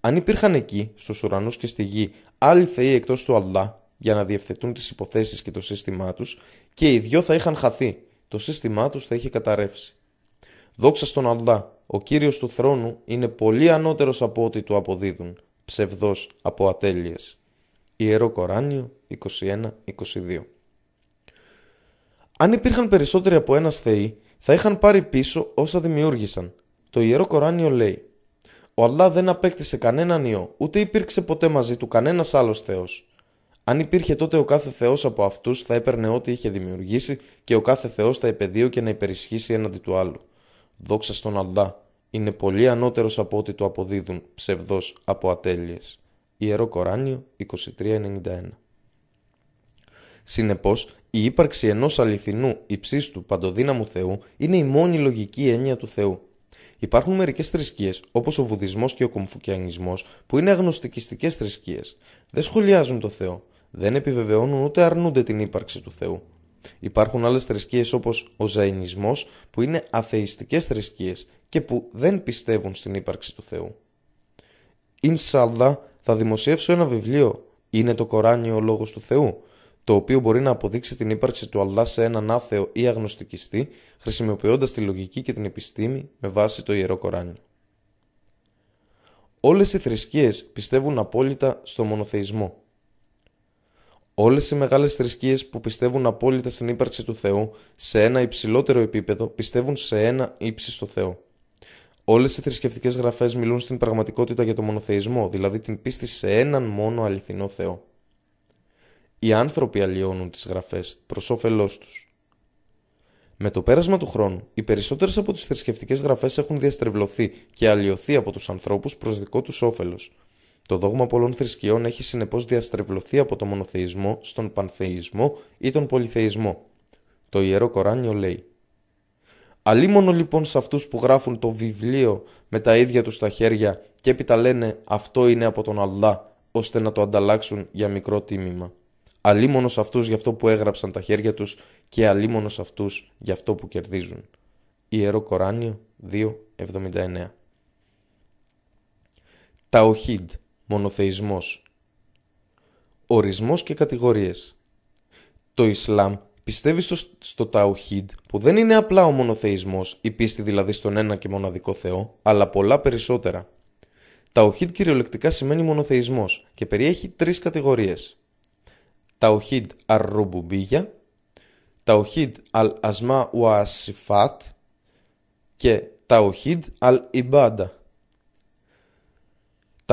αν υπήρχαν εκεί, στου ουρανού και στη γη, άλλοι θεοί εκτό του Αλλά για να διευθετούν τι υποθέσει και το σύστημά του, και οι δυο θα είχαν χαθεί, το σύστημά του θα είχε καταρρεύσει. Δόξα στον Αλλά, ο Κύριος του θρόνου είναι πολύ ανώτερος από ό,τι του αποδίδουν, ψευδός από ατέλειες. Ιερό Κοράνιο 21-22 Αν υπήρχαν περισσότεροι από ένας θεοί, θα είχαν πάρει πίσω όσα δημιούργησαν. Το Ιερό Κοράνιο λέει «Ο Αλλά δεν απέκτησε κανέναν ιό, ούτε υπήρξε ποτέ μαζί του κανένας άλλος θεός». Αν υπήρχε τότε ο κάθε Θεό από αυτού, θα έπαιρνε ό,τι είχε δημιουργήσει και ο κάθε Θεό θα επαιδείω και να υπερισχύσει έναντι του άλλου. Δόξα στον Αλδά, είναι πολύ ανώτερος από ό,τι το αποδίδουν ψευδός από ατέλειες. Ιερό Κοράνιο 2391 Συνεπώς, η ύπαρξη ενός αληθινού υψίστου παντοδύναμου Θεού είναι η μόνη λογική έννοια του Θεού. Υπάρχουν μερικέ θρησκείε, όπω ο Βουδισμό και ο Κομφουκιανισμό, που είναι αγνωστικιστικέ θρησκείε. Δεν σχολιάζουν το Θεό. Δεν επιβεβαιώνουν ούτε αρνούνται την ύπαρξη του Θεού. Υπάρχουν άλλες θρησκείες όπως ο Ζαϊνισμός που είναι αθεϊστικές θρησκείες και που δεν πιστεύουν στην ύπαρξη του Θεού. Ινσάλδα θα δημοσιεύσω ένα βιβλίο «Είναι το Κοράνιο ο Λόγος του Θεού» το οποίο μπορεί να αποδείξει την ύπαρξη του Αλλά σε έναν άθεο ή αγνωστικιστή χρησιμοποιώντας τη λογική και την επιστήμη με βάση το Ιερό Κοράνιο. Όλες οι θρησκείες πιστεύουν απόλυτα στο μονοθεϊσμό. Όλες οι μεγάλες θρησκείες που πιστεύουν απόλυτα στην ύπαρξη του Θεού σε ένα υψηλότερο επίπεδο πιστεύουν σε ένα ύψιστο Θεό. Όλε οι θρησκευτικέ γραφέ μιλούν στην πραγματικότητα για το μονοθεϊσμό, δηλαδή την πίστη σε έναν μόνο αληθινό Θεό. Οι άνθρωποι αλλοιώνουν τι γραφέ προ όφελό του. Με το πέρασμα του χρόνου, οι περισσότερε από τι θρησκευτικέ γραφέ έχουν διαστρεβλωθεί και αλλοιωθεί από του ανθρώπου προ δικό του όφελο, το δόγμα πολλών θρησκειών έχει συνεπώ διαστρεβλωθεί από το μονοθεϊσμό στον πανθεϊσμό ή τον πολυθεϊσμό. Το ιερό Κοράνιο λέει. Αλίμονο λοιπόν σε αυτού που γράφουν το βιβλίο με τα ίδια τους τα χέρια και έπειτα λένε αυτό είναι από τον Αλλά ώστε να το ανταλλάξουν για μικρό τίμημα. Αλίμονο σε αυτού για αυτό που έγραψαν τα χέρια του και αλίμονο σε αυτού για αυτό που κερδίζουν. Ιερό Κοράνιο 2.79 Ταοχίδ Μονοθεϊσμός Ορισμός και κατηγορίες Το Ισλάμ πιστεύει στο, στο που δεν είναι απλά ο μονοθεϊσμός, η πίστη δηλαδή στον ένα και μοναδικό Θεό, αλλά πολλά περισσότερα. Ταουχίδ κυριολεκτικά σημαίνει μονοθεϊσμός και περιέχει τρεις κατηγορίες. Ταουχίδ αρ-Ρουμπουμπίγια, Ταουχίδ αλ-Ασμά ουα και Ταουχίδ αλ-Ιμπάντα.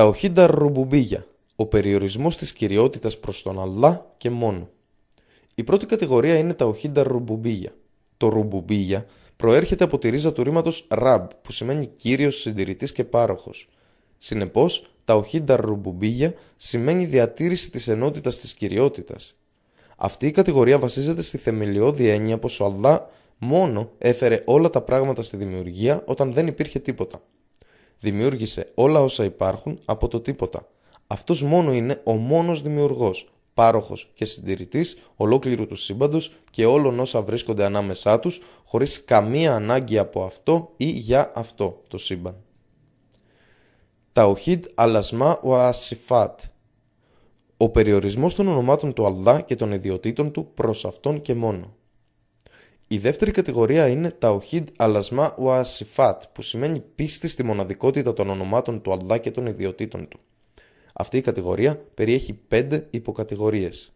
Τα οχίντα ρουμπουμπίγια, ο περιορισμός της κυριότητας προς τον Αλλά και μόνο. Η πρώτη κατηγορία είναι τα οχίντα ρουμπουμπίγια. Το ρουμπουμπίγια προέρχεται από τη ρίζα του ρήματος ραμπ, που σημαίνει κύριος, συντηρητής και πάροχος. Συνεπώς, τα οχίντα ρουμπουμπίγια σημαίνει διατήρηση της ενότητας της κυριότητας. Αυτή η κατηγορία βασίζεται στη θεμελιώδη έννοια πως ο Αλλά μόνο έφερε όλα τα πράγματα στη δημιουργία όταν δεν υπήρχε τίποτα. Δημιούργησε όλα όσα υπάρχουν από το τίποτα. Αυτό μόνο είναι ο μόνο δημιουργό, πάροχο και συντηρητή ολόκληρου του σύμπαντο και όλων όσα βρίσκονται ανάμεσά του, χωρί καμία ανάγκη από αυτό ή για αυτό το σύμπαν. Ταοχίτ Αλασμά ο Ασιφάτ Ο περιορισμός των ονομάτων του Αλδά και των ιδιωτήτων του προς Αυτόν και μόνο. Η δεύτερη κατηγορία είναι τα αλασμά ουασιφάτ, που σημαίνει πίστη στη μοναδικότητα των ονομάτων του Αλλά και των ιδιωτήτων του. Αυτή η κατηγορία περιέχει πέντε υποκατηγορίες.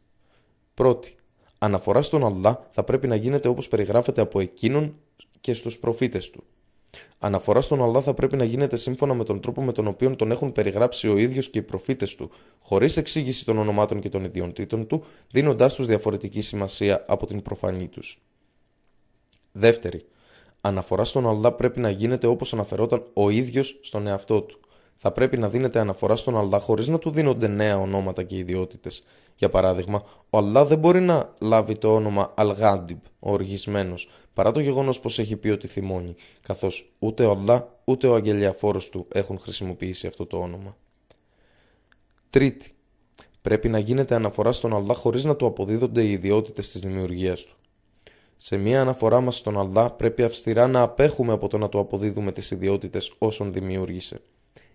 Πρώτη, αναφορά στον Αλλά θα πρέπει να γίνεται όπω περιγράφεται από εκείνον και στου προφήτες του. Αναφορά στον Αλλά θα πρέπει να γίνεται σύμφωνα με τον τρόπο με τον οποίο τον έχουν περιγράψει ο ίδιο και οι προφήτε του, χωρί εξήγηση των ονομάτων και των ιδιωτήτων του, δίνοντά του διαφορετική σημασία από την προφανή του. Δεύτερη, αναφορά στον Αλλά πρέπει να γίνεται όπω αναφερόταν ο ίδιο στον εαυτό του. Θα πρέπει να δίνεται αναφορά στον Αλλά χωρί να του δίνονται νέα ονόματα και ιδιότητε. Για παράδειγμα, ο Αλλά δεν μπορεί να λάβει το όνομα Αλγάντιμπ, ο οργισμένο, παρά το γεγονό πω έχει πει ότι θυμώνει, καθώ ούτε ο Αλλά ούτε ο αγγελιαφόρο του έχουν χρησιμοποιήσει αυτό το όνομα. Τρίτη, πρέπει να γίνεται αναφορά στον Αλλά χωρί να του αποδίδονται οι ιδιότητε τη δημιουργία του. Σε μια αναφορά μα στον Αλλά πρέπει αυστηρά να απέχουμε από το να του αποδίδουμε τι ιδιότητε όσων δημιούργησε.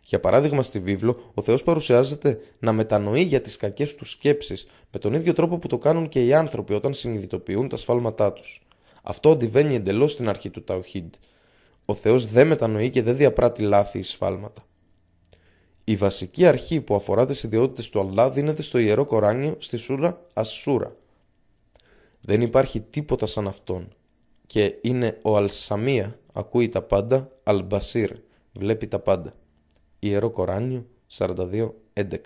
Για παράδειγμα στη βίβλο, ο Θεό παρουσιάζεται να μετανοεί για τι κακέ του σκέψει με τον ίδιο τρόπο που το κάνουν και οι άνθρωποι όταν συνειδητοποιούν τα σφάλματά του. Αυτό αντιβαίνει εντελώ στην αρχή του Ταοχίντ. Ο Θεό δεν μετανοεί και δεν διαπράττει λάθη ή σφάλματα. Η βασική αρχή που αφορά τι ιδιότητε του Αλλά δίνεται στο Ιερό Κοράνιο στη Σούρα Ασσούρα. Δεν υπάρχει τίποτα σαν αυτόν. Και είναι ο Αλσαμία, ακούει τα πάντα, Αλμπασίρ, βλέπει τα πάντα. Ιερό Κοράνιο 11.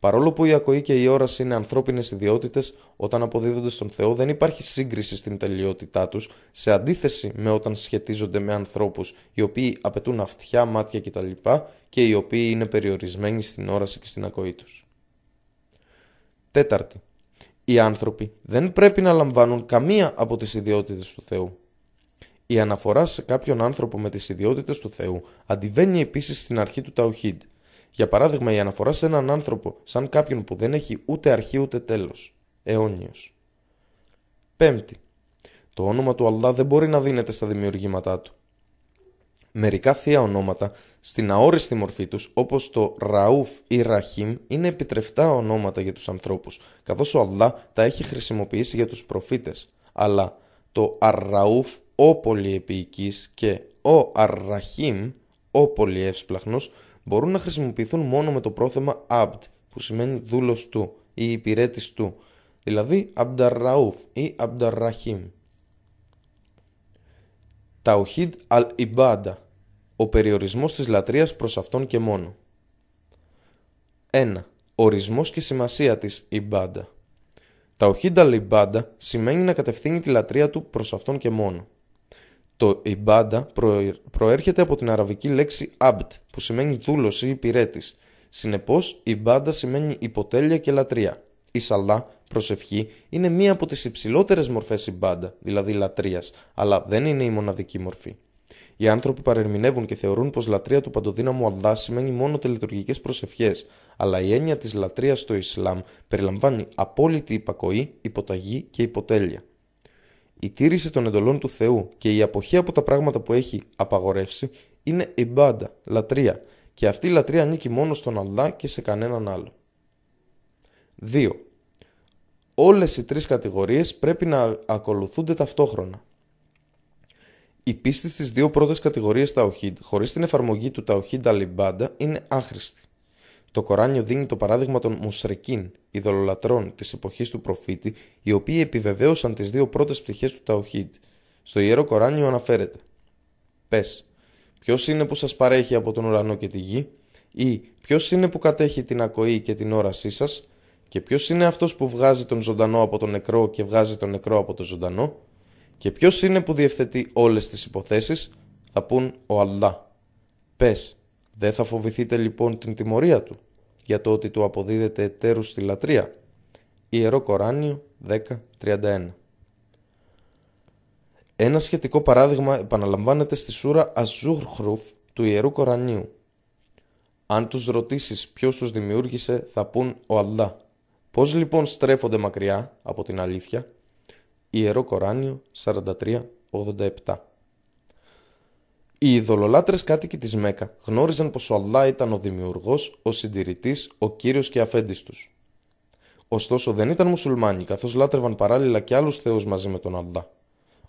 Παρόλο που η ακοή και η όραση είναι ανθρώπινε ιδιότητε, όταν αποδίδονται στον Θεό δεν υπάρχει σύγκριση στην τελειότητά του, σε αντίθεση με όταν σχετίζονται με ανθρώπου οι οποίοι απαιτούν αυτιά, μάτια κτλ. και οι οποίοι είναι περιορισμένοι στην όραση και στην ακοή του. Τέταρτη, οι άνθρωποι δεν πρέπει να λαμβάνουν καμία από τις ιδιότητες του Θεού. Η αναφορά σε κάποιον άνθρωπο με τις ιδιότητες του Θεού αντιβαίνει επίσης στην αρχή του Ταουχίντ. Για παράδειγμα, η αναφορά σε έναν άνθρωπο σαν κάποιον που δεν έχει ούτε αρχή ούτε τέλος. Αιώνιος. Πέμπτη. Το όνομα του Αλλά δεν μπορεί να δίνεται στα δημιουργήματά του μερικά θεία ονόματα στην αόριστη μορφή τους, όπως το Ραούφ ή Ραχίμ, είναι επιτρεφτά ονόματα για τους ανθρώπους, καθώς ο Αλλά τα έχει χρησιμοποιήσει για τους προφήτες. Αλλά το Αρραούφ, ο πολυεπιικής και ο Αρραχίμ, ο πολυεύσπλαχνος, μπορούν να χρησιμοποιηθούν μόνο με το πρόθεμα Αμπτ, που σημαίνει δούλος του ή υπηρέτη του, δηλαδή Αμπταρραούφ ή Αμπταρραχίμ. Ταουχίδ αλ-Ιμπάντα ο περιορισμός της λατρείας προς αυτόν και μόνο. 1. Ορισμός και σημασία της Ιμπάντα Τα οχίντα λιμπάντα σημαίνει να κατευθύνει τη λατρεία του προς αυτόν και μόνο. Το Ιμπάντα προέρχεται από την αραβική λέξη Αμπτ που σημαίνει δούλος ή υπηρέτης. Συνεπώς, Ιμπάντα σημαίνει υποτέλεια και λατρεία. Η Σαλά, προσευχή, είναι μία από τις υψηλότερες μορφές Ιμπάντα, δηλαδή λατρείας, αλλά δεν είναι η μοναδική μορφή. Οι άνθρωποι παρερμηνεύουν και θεωρούν πω λατρεία του παντοδύναμου Αλλά σημαίνει μόνο τελετουργικέ προσευχέ, αλλά η έννοια τη λατρεία στο Ισλάμ περιλαμβάνει απόλυτη υπακοή, υποταγή και υποτέλεια. Η τήρηση των εντολών του Θεού και η αποχή από τα πράγματα που έχει απαγορεύσει είναι η μπάντα, λατρεία, και αυτή η λατρεία ανήκει μόνο στον Αλλά και σε κανέναν άλλο. 2. Όλες οι τρεις κατηγορίες πρέπει να ακολουθούνται ταυτόχρονα. Η πίστη στις δύο πρώτες κατηγορίες Ταοχίντ χωρίς την εφαρμογή του Ταοχίντ Αλιμπάντα είναι άχρηστη. Το Κοράνιο δίνει το παράδειγμα των Μουσρεκίν, ειδωλολατρών της εποχής του προφήτη, οι οποίοι επιβεβαίωσαν τις δύο πρώτες πτυχές του Ταοχίντ. Στο Ιερό Κοράνιο αναφέρεται «Πες, ποιο είναι που σας παρέχει από τον ουρανό και τη γη» ή ποιο είναι που κατέχει την ακοή και την όρασή σας» και ποιο είναι αυτός που βγάζει τον ζωντανό από τον νεκρό και βγάζει τον νεκρό από τον ζωντανό» Και ποιο είναι που διευθετεί όλες τις υποθέσεις, θα πούν ο Αλλά. Πες, δεν θα φοβηθείτε λοιπόν την τιμωρία του, για το ότι του αποδίδεται τέρους στη λατρεία. Ιερό Κοράνιο 10.31 Ένα σχετικό παράδειγμα επαναλαμβάνεται στη σούρα Αζούρχρουφ του Ιερού Κορανίου. Αν τους ρωτήσεις ποιος τους δημιούργησε θα πούν ο Αλλά. Πώς λοιπόν στρέφονται μακριά από την αλήθεια Ιερό Κοράνιο 43-87 Οι ειδωλολάτρες κάτοικοι της Μέκα γνώριζαν πως ο Αλλά ήταν ο δημιουργός, ο συντηρητής, ο κύριος και αφέντης τους. Ωστόσο δεν ήταν μουσουλμάνοι καθώς λάτρευαν παράλληλα και άλλους θεούς μαζί με τον Αλλά.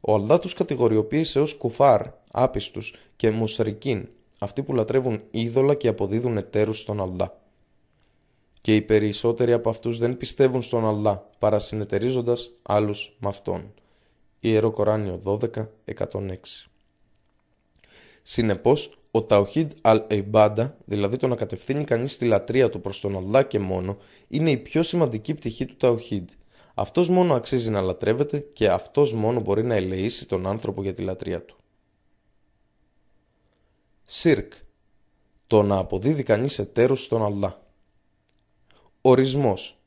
Ο Αλδά τους κατηγοριοποίησε ως κουφάρ, άπιστους και μουσρικίν, αυτοί που λατρεύουν είδωλα και αποδίδουν εταίρους στον Αλλά και οι περισσότεροι από αυτούς δεν πιστεύουν στον Αλλά παρά συνεταιρίζοντας άλλους με Αυτόν. Ιερό Κοράνιο 12, 106 Συνεπώς, ο Ταοχίδ Αλ-Εϊμπάντα, δηλαδή το να κατευθύνει κανείς τη λατρεία του προς τον Αλλά και μόνο, είναι η πιο σημαντική πτυχή του Ταοχίδ. Αυτός μόνο αξίζει να λατρεύεται και αυτός μόνο μπορεί να ελεήσει τον άνθρωπο για τη λατρεία του. Σύρκ Το να αποδίδει κανείς εταίρους στον Αλλά Ορισμός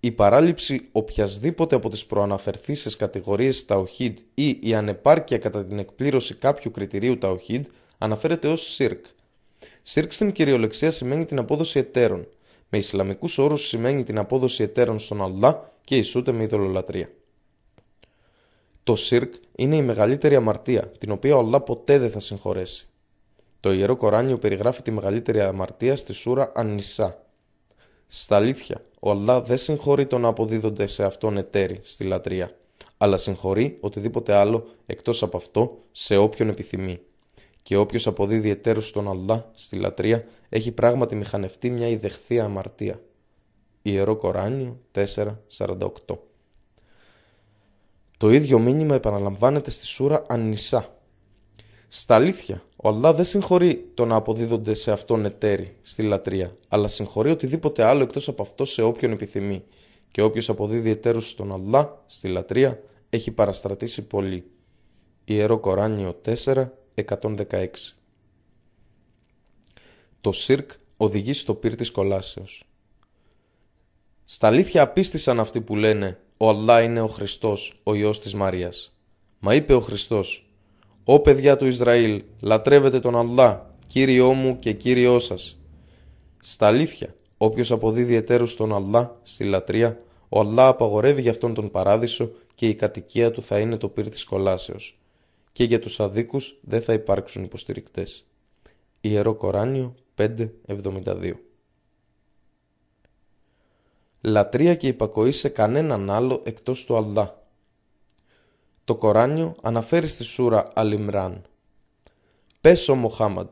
η παράληψη οποιασδήποτε από τις προαναφερθήσεις κατηγορίες ταοχίδ ή η ανεπάρκεια κατά την εκπλήρωση κάποιου κριτηρίου ταοχίδ αναφέρεται ως σύρκ. Σύρκ στην κυριολεξία σημαίνει την απόδοση εταίρων. Με Ισλαμικούς όρους σημαίνει την απόδοση εταίρων στον Αλλά και ισούται με ειδωλολατρία. Το σύρκ είναι η μεγαλύτερη αμαρτία, την οποία ο Αλλά ποτέ δεν θα συγχωρέσει. Το Ιερό Κοράνιο περιγράφει τη μεγαλύτερη αμαρτία στη σούρα Ανισά, στα αλήθεια, ο Αλλά δεν συγχωρεί το να αποδίδονται σε αυτόν εταίροι στη λατρεία, αλλά συγχωρεί οτιδήποτε άλλο εκτός από αυτό σε όποιον επιθυμεί. Και όποιο αποδίδει εταίρου στον Αλλά στη λατρεία έχει πράγματι μηχανευτεί μια ιδεχθή αμαρτία. Ιερό Κοράνιο 4.48 Το ίδιο μήνυμα επαναλαμβάνεται στη σούρα Ανισά στα αλήθεια, ο Αλλά δεν συγχωρεί το να αποδίδονται σε αυτόν εταίροι στη λατρεία, αλλά συγχωρεί οτιδήποτε άλλο εκτό από αυτό σε όποιον επιθυμεί. Και όποιο αποδίδει εταίρου στον Αλλά στη λατρεία έχει παραστρατήσει πολύ. Ιερό Κοράνιο 4, 116 Το ΣΥΡΚ οδηγεί στο πύρ της κολάσεως. Στα αλήθεια απίστησαν αυτοί που λένε «Ο Αλλά είναι ο Χριστός, ο Υιός της Μαρίας». Μα είπε ο Χριστός «Ω παιδιά του Ισραήλ, λατρεύετε τον Αλλά, Κύριό μου και Κύριό σας». Στα αλήθεια, όποιος αποδίδει εταίρους στον Αλλά στη λατρεία, ο Αλλά απαγορεύει για αυτόν τον παράδεισο και η κατοικία του θα είναι το πύρ της κολάσεως. Και για τους αδίκους δεν θα υπάρξουν υποστηρικτές. Ιερό Κοράνιο 5.72 Λατρεία και υπακοή σε κανέναν άλλο εκτός του Αλλά το Κοράνιο αναφέρει στη Σούρα Αλιμράν. «Πες ο Μοχάμαντ,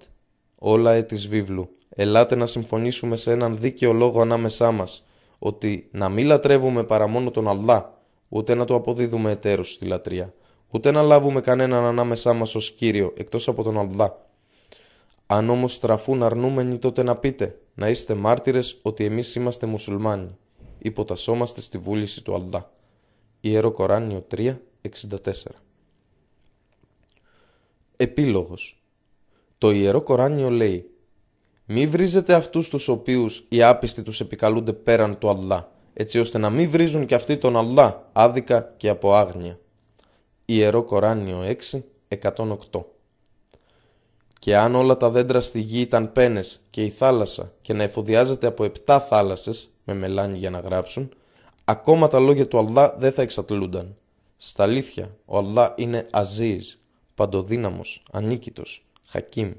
όλα ε της βίβλου, ελάτε να συμφωνήσουμε σε έναν δίκαιο λόγο ανάμεσά μας, ότι να μην λατρεύουμε παρά μόνο τον Αλλά, ούτε να του αποδίδουμε εταίρους στη λατρεία, ούτε να λάβουμε κανέναν ανάμεσά μας ως Κύριο, εκτός από τον Αλλά. Αν όμως στραφούν αρνούμενοι τότε να πείτε, να είστε μάρτυρες ότι εμείς είμαστε μουσουλμάνοι, υποτασσόμαστε στη βούληση του Αλλά. Ιερό Κοράνιο 3, 64. Επίλογος Το Ιερό Κοράνιο λέει «Μη βρίζετε αυτούς τους οποίους οι άπιστοι τους επικαλούνται πέραν του Αλλά, έτσι ώστε να μην βρίζουν και αυτοί τον Αλλά, άδικα και από άγνοια». Ιερό Κοράνιο 6, 108 και αν όλα τα δέντρα στη γη ήταν πένες και η θάλασσα και να εφοδιάζεται από επτά θάλασσες με μελάνι για να γράψουν, ακόμα τα λόγια του Αλλά δεν θα εξατλούνταν. Στα αλήθεια, ο Αλλά είναι Αζίζ, παντοδύναμος, ανίκητος, Χακίμ,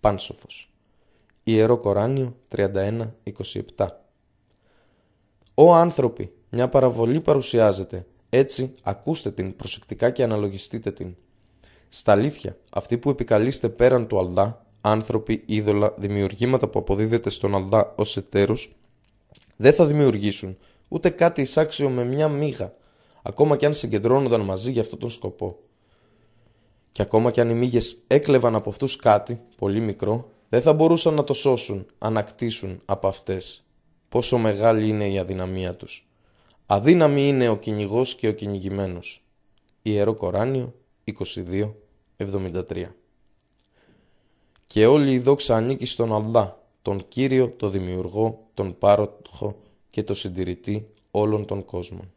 πάνσοφος. Ιερό Κοράνιο 31-27 «Ω άνθρωποι, μια παραβολή παρουσιάζεται, έτσι ακούστε την προσεκτικά και αναλογιστείτε την. Στα αλήθεια, αυτοί που επικαλείστε πέραν του Αλλά, άνθρωποι, είδωλα, δημιουργήματα που αποδίδεται στον Αλλά ως εταίρους, δεν θα δημιουργήσουν ούτε κάτι εισάξιο με μια μίγα, ακόμα και αν συγκεντρώνονταν μαζί για αυτόν τον σκοπό. Και ακόμα και αν οι μύγες έκλεβαν από αυτού κάτι, πολύ μικρό, δεν θα μπορούσαν να το σώσουν, ανακτήσουν από αυτές. Πόσο μεγάλη είναι η αδυναμία τους. Αδύναμη είναι ο κυνηγό και ο κυνηγημένο. Ιερό Κοράνιο 22-73 Και όλη η δόξα ανήκει στον Αλλά, τον Κύριο, τον Δημιουργό, τον Πάροχο και τον Συντηρητή όλων των κόσμων.